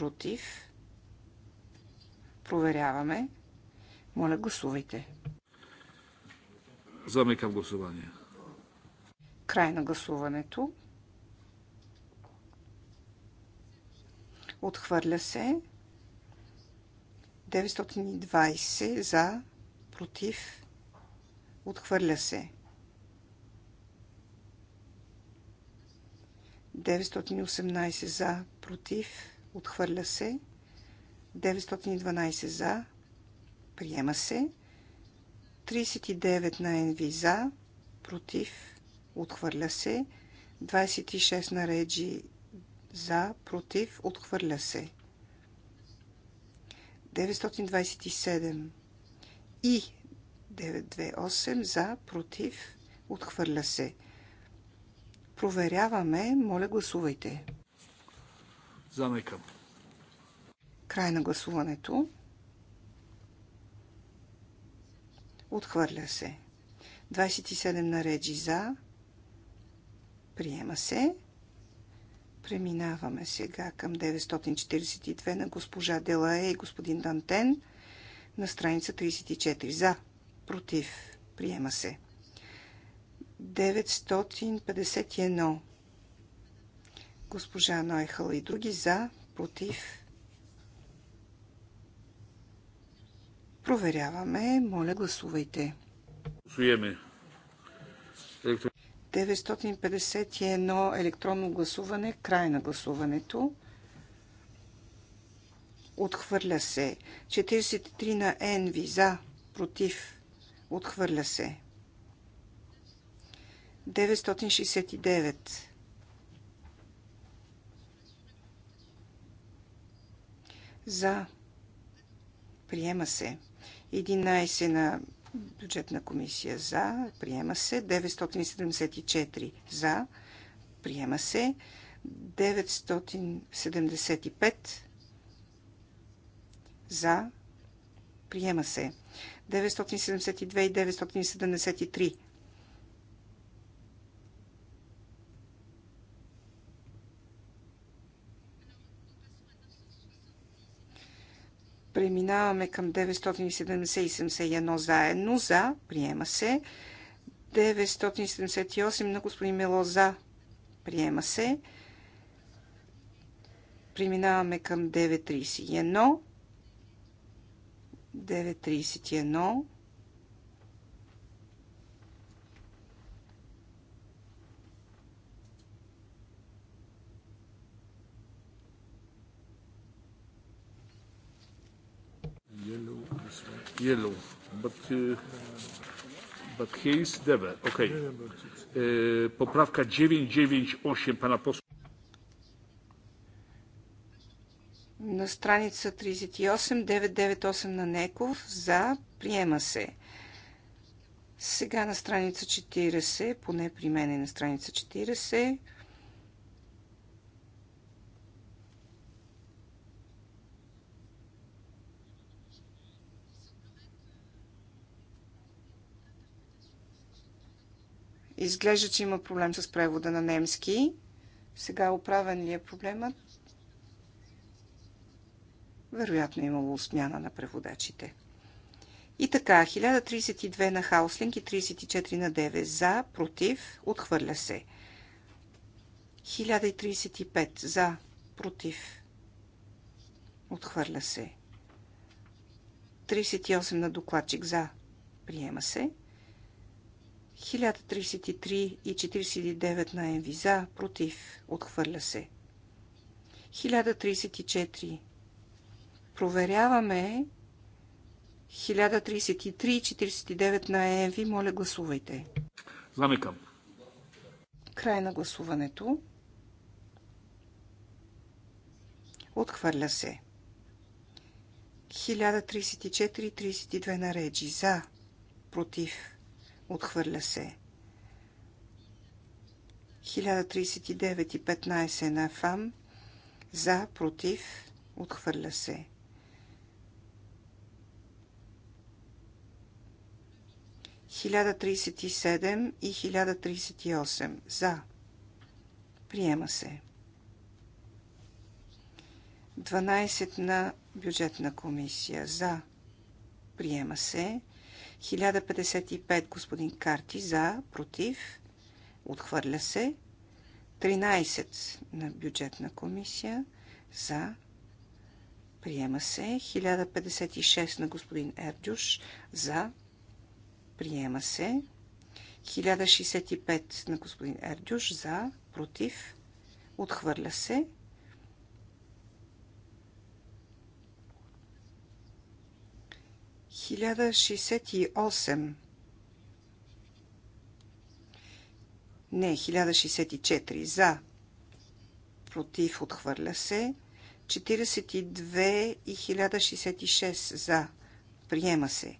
против. Проверяваме. Моля, гласувайте. Замикам гласуване. Край на гласуването. Отхвърля се. 920 за, против. Отхвърля се. 918 за, против. Отхвърля се. 912 за. Приема се. 39 на Енви за. Против. Отхвърля се. 26 на Реджи за. Против. Отхвърля се. 927 и 928 за. Против. Отхвърля се. Проверяваме. Моля, гласувайте. Замекам. Край на гласуването. Отхвърля се. 27 на реджи за. Приема се. Преминаваме сега към 942 на госпожа Делае и господин Дантен на страница 34. За. Против. Приема се. 951 Госпожа Нойхал и други за, против. Проверяваме. Моля, гласувайте. Гласуваме. 951 електронно гласуване, край на гласуването. Отхвърля се. 43 на Енви за, против. Отхвърля се. 969 за приема се. 11 на бюджетна комисия за приема се. 974 за приема се. 975 за приема се. 972 и 973 Преминаваме към 970-71 заедно. За. Приема се. 978 на господин Мело. За. Приема се. Преминаваме към 931. 931. yellow, this one. Yellow, but, uh, but he is never. Okay. Uh, poprawka 998 pana posła. На страница 38, 998 на Неков, за, приема се. Сега на страница 40, поне при мен е на страница 40, Изглежда, че има проблем с превода на немски. Сега оправен ли е проблемът? Вероятно е имало смяна на преводачите. И така, 1032 на Хауслинг и 34 на 9 за, против, отхвърля се. 1035 за, против, отхвърля се. 38 на докладчик за, приема се. 1033 и 49 на Енви за, против, отхвърля се. 1034. Проверяваме 1033 и 49 на Енви. Моля, гласувайте. Замикам. Край на гласуването. Отхвърля се. 1034 и 32 на Реджи за, против, Отхвърля се. 1039 и 15 на ФАМ. За, против. Отхвърля се. 1037 и 1038. За. Приема се. 12 на бюджетна комисия. За. Приема се. 1055 господин Карти за, против, отхвърля се. 13 на бюджетна комисия за, приема се. 1056 на господин Ердюш за, приема се. 1065 на господин Ердюш за, против, отхвърля се. 1068. Не, 1064. За. Против. Отхвърля се. 42 и 1066. За. Приема се.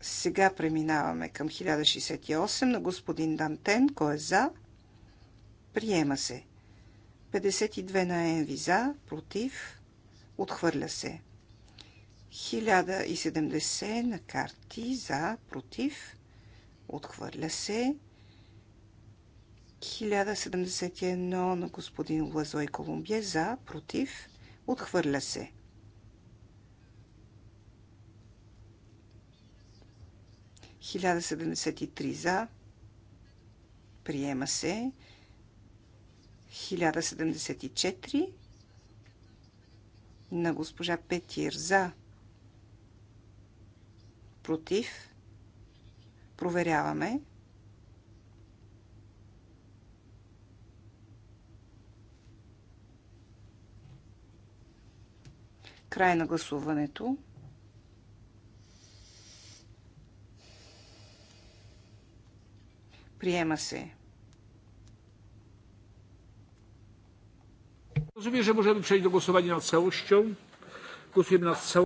Сега преминаваме към 1068 на господин Дантен. Кой е за? Приема се. 52 на Енви за. Против. Отхвърля се. 1070 на карти за, против, отхвърля се. 1071 на господин Лазой Колумбие за, против, отхвърля се. 1073 за, приема се. 1074 на госпожа Петир за, против, проверяваме. Край на гласуването. Приема се. Rozumiem, że możemy przejść do głosowania nad całością.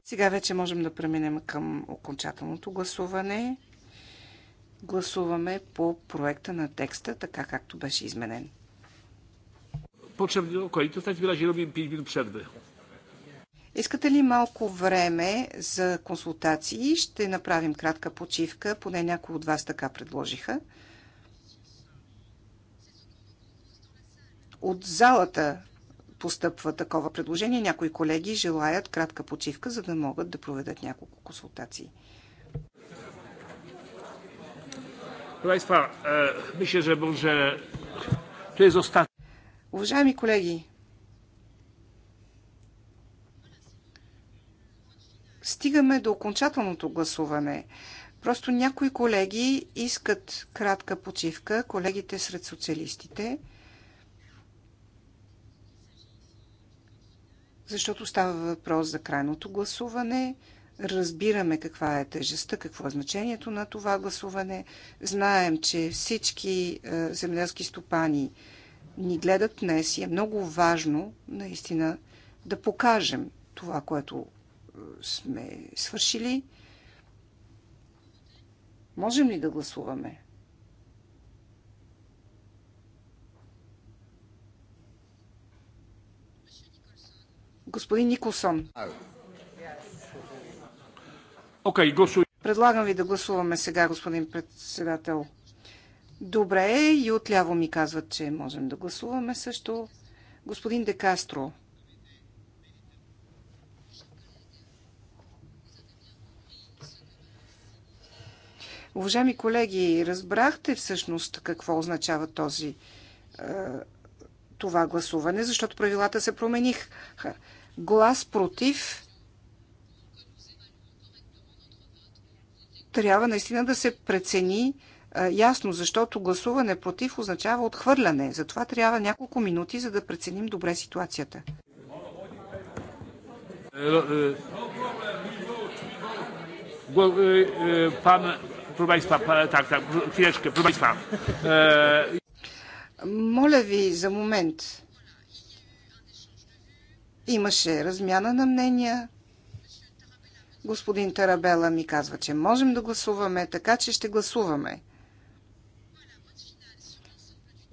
Сега вече можем да преминем към окончателното гласуване. Гласуваме по проекта на текста, така както беше изменен. Значи, Искате ли малко време за консултации? Ще направим кратка почивка, поне някои от вас така предложиха. От залата постъпва такова предложение. Някои колеги желаят кратка почивка, за да могат да проведат няколко консултации. E, Уважаеми колеги, стигаме до окончателното гласуване. Просто някои колеги искат кратка почивка, колегите сред социалистите – защото става въпрос за крайното гласуване. Разбираме каква е тежестта, какво е значението на това гласуване. Знаем, че всички е, земеделски стопани ни гледат днес и е много важно наистина да покажем това, което е, сме свършили. Можем ли да гласуваме? Господин Николсон. Okay, Предлагам ви да гласуваме сега, господин председател. Добре, и отляво ми казват, че можем да гласуваме също. Господин Декастро. Уважаеми колеги, разбрахте всъщност какво означава този, е, това гласуване, защото правилата се промениха глас против трябва наистина да се прецени ясно, защото гласуване против означава отхвърляне. Затова трябва няколко минути, за да преценим добре ситуацията. Моля ви за момент. Имаше размяна на мнения. Господин Тарабела ми казва, че можем да гласуваме, така че ще гласуваме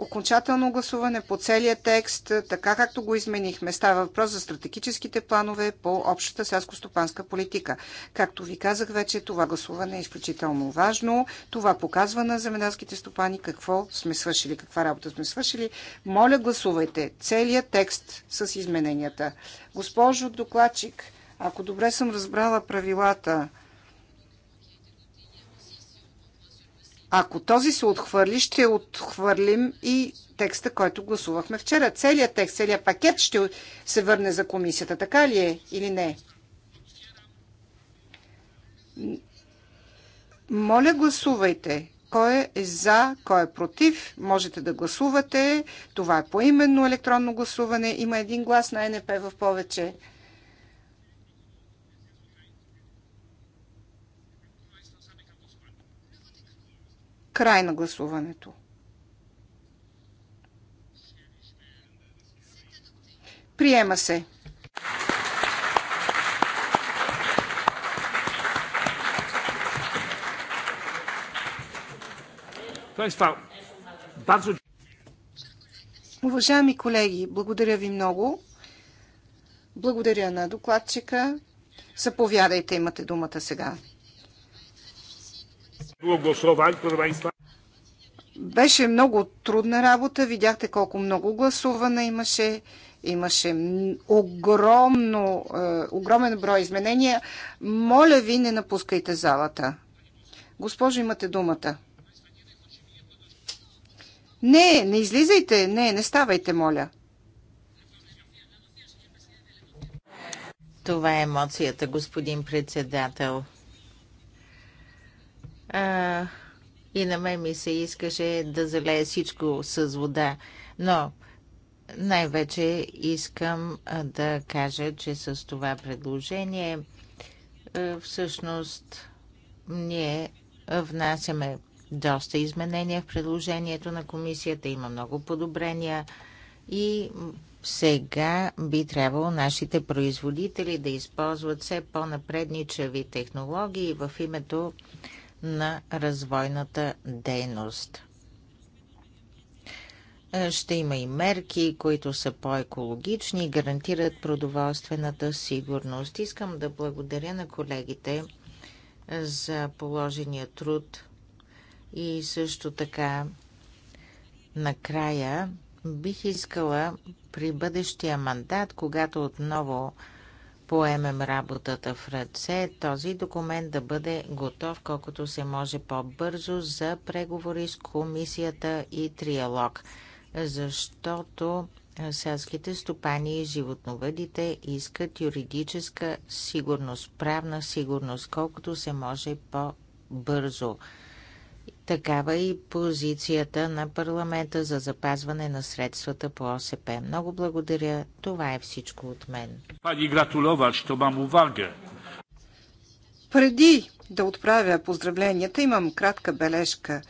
окончателно гласуване по целия текст, така както го изменихме. Става въпрос за стратегическите планове по общата селско-стопанска политика. Както ви казах вече, това гласуване е изключително важно. Това показва на земеделските стопани какво сме свършили, каква работа сме свършили. Моля, гласувайте целият текст с измененията. Госпожо докладчик, ако добре съм разбрала правилата, Ако този се отхвърли, ще отхвърлим и текста, който гласувахме вчера. Целият текст, целият пакет ще се върне за комисията. Така ли е или не? Моля, гласувайте. Кой е за, кой е против? Можете да гласувате. Това е поименно електронно гласуване. Има един глас на НП в повече. Край на гласуването. Приема се. Уважаеми колеги, благодаря ви много. Благодаря на докладчика. Заповядайте, имате думата сега. Беше много трудна работа. Видяхте колко много гласуване имаше. Имаше огромно, е, огромен брой изменения. Моля ви, не напускайте залата. Госпожо, имате думата. Не, не излизайте. Не, не ставайте, моля. Това е емоцията, господин председател. А, и на мен ми се искаше да залея всичко с вода. Но най-вече искам да кажа, че с това предложение всъщност ние внасяме доста изменения в предложението на комисията, има много подобрения и сега би трябвало нашите производители да използват все по-напредничави технологии в името на развойната дейност. Е, ще има и мерки, които са по-екологични и гарантират продоволствената сигурност. Искам да благодаря на колегите е, за положения труд и също така накрая бих искала при бъдещия мандат, когато отново поемем работата в ръце, този документ да бъде готов колкото се може по-бързо за преговори с комисията и триалог, защото селските стопани и животновъдите искат юридическа сигурност, правна сигурност, колкото се може по-бързо. Такава и позицията на парламента за запазване на средствата по ОСП. Много благодаря. Това е всичко от мен. Пани гратуловач, що мам увага. Преди да отправя поздравленията, имам кратка бележка.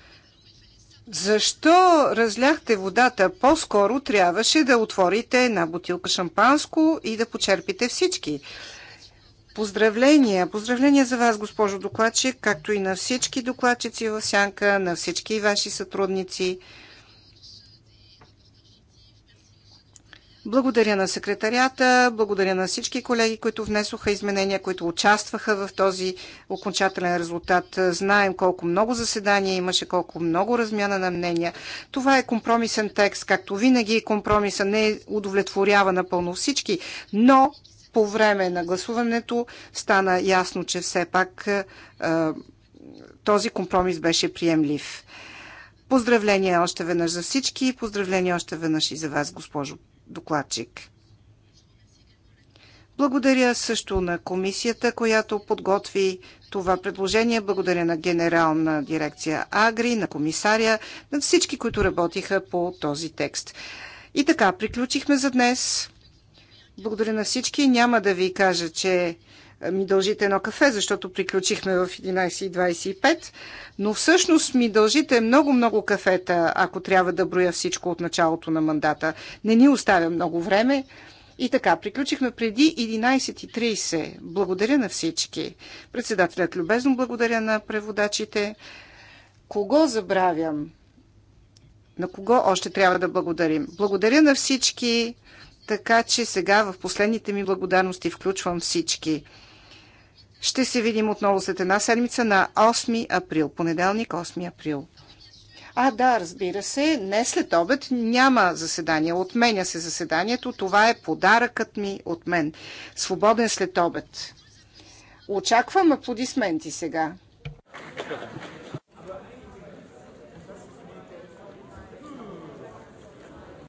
Защо разляхте водата? По-скоро трябваше да отворите една бутилка шампанско и да почерпите всички. Поздравления! Поздравления за вас, госпожо докладчик, както и на всички докладчици в Сянка, на всички ваши сътрудници. Благодаря на секретарията, благодаря на всички колеги, които внесоха изменения, които участваха в този окончателен резултат. Знаем колко много заседания имаше, колко много размяна на мнения. Това е компромисен текст, както винаги е компромиса не удовлетворява напълно всички, но по време на гласуването стана ясно, че все пак е, този компромис беше приемлив. Поздравления още веднъж за всички и поздравления още веднъж и за вас, госпожо докладчик. Благодаря също на комисията, която подготви това предложение. Благодаря на генерална дирекция Агри, на комисаря, на всички, които работиха по този текст. И така, приключихме за днес. Благодаря на всички. Няма да ви кажа, че е, ми дължите едно кафе, защото приключихме в 11.25, но всъщност ми дължите много-много кафета, ако трябва да броя всичко от началото на мандата. Не ни оставя много време. И така, приключихме преди 11.30. Благодаря на всички. Председателят любезно благодаря на преводачите. Кого забравям? На кого още трябва да благодарим? Благодаря на всички. Така че сега в последните ми благодарности включвам всички. Ще се видим отново след една седмица на 8 април, понеделник 8 април. А, да, разбира се, не след обед няма заседание. Отменя се заседанието. Това е подаръкът ми от мен. Свободен след обед. Очаквам аплодисменти сега.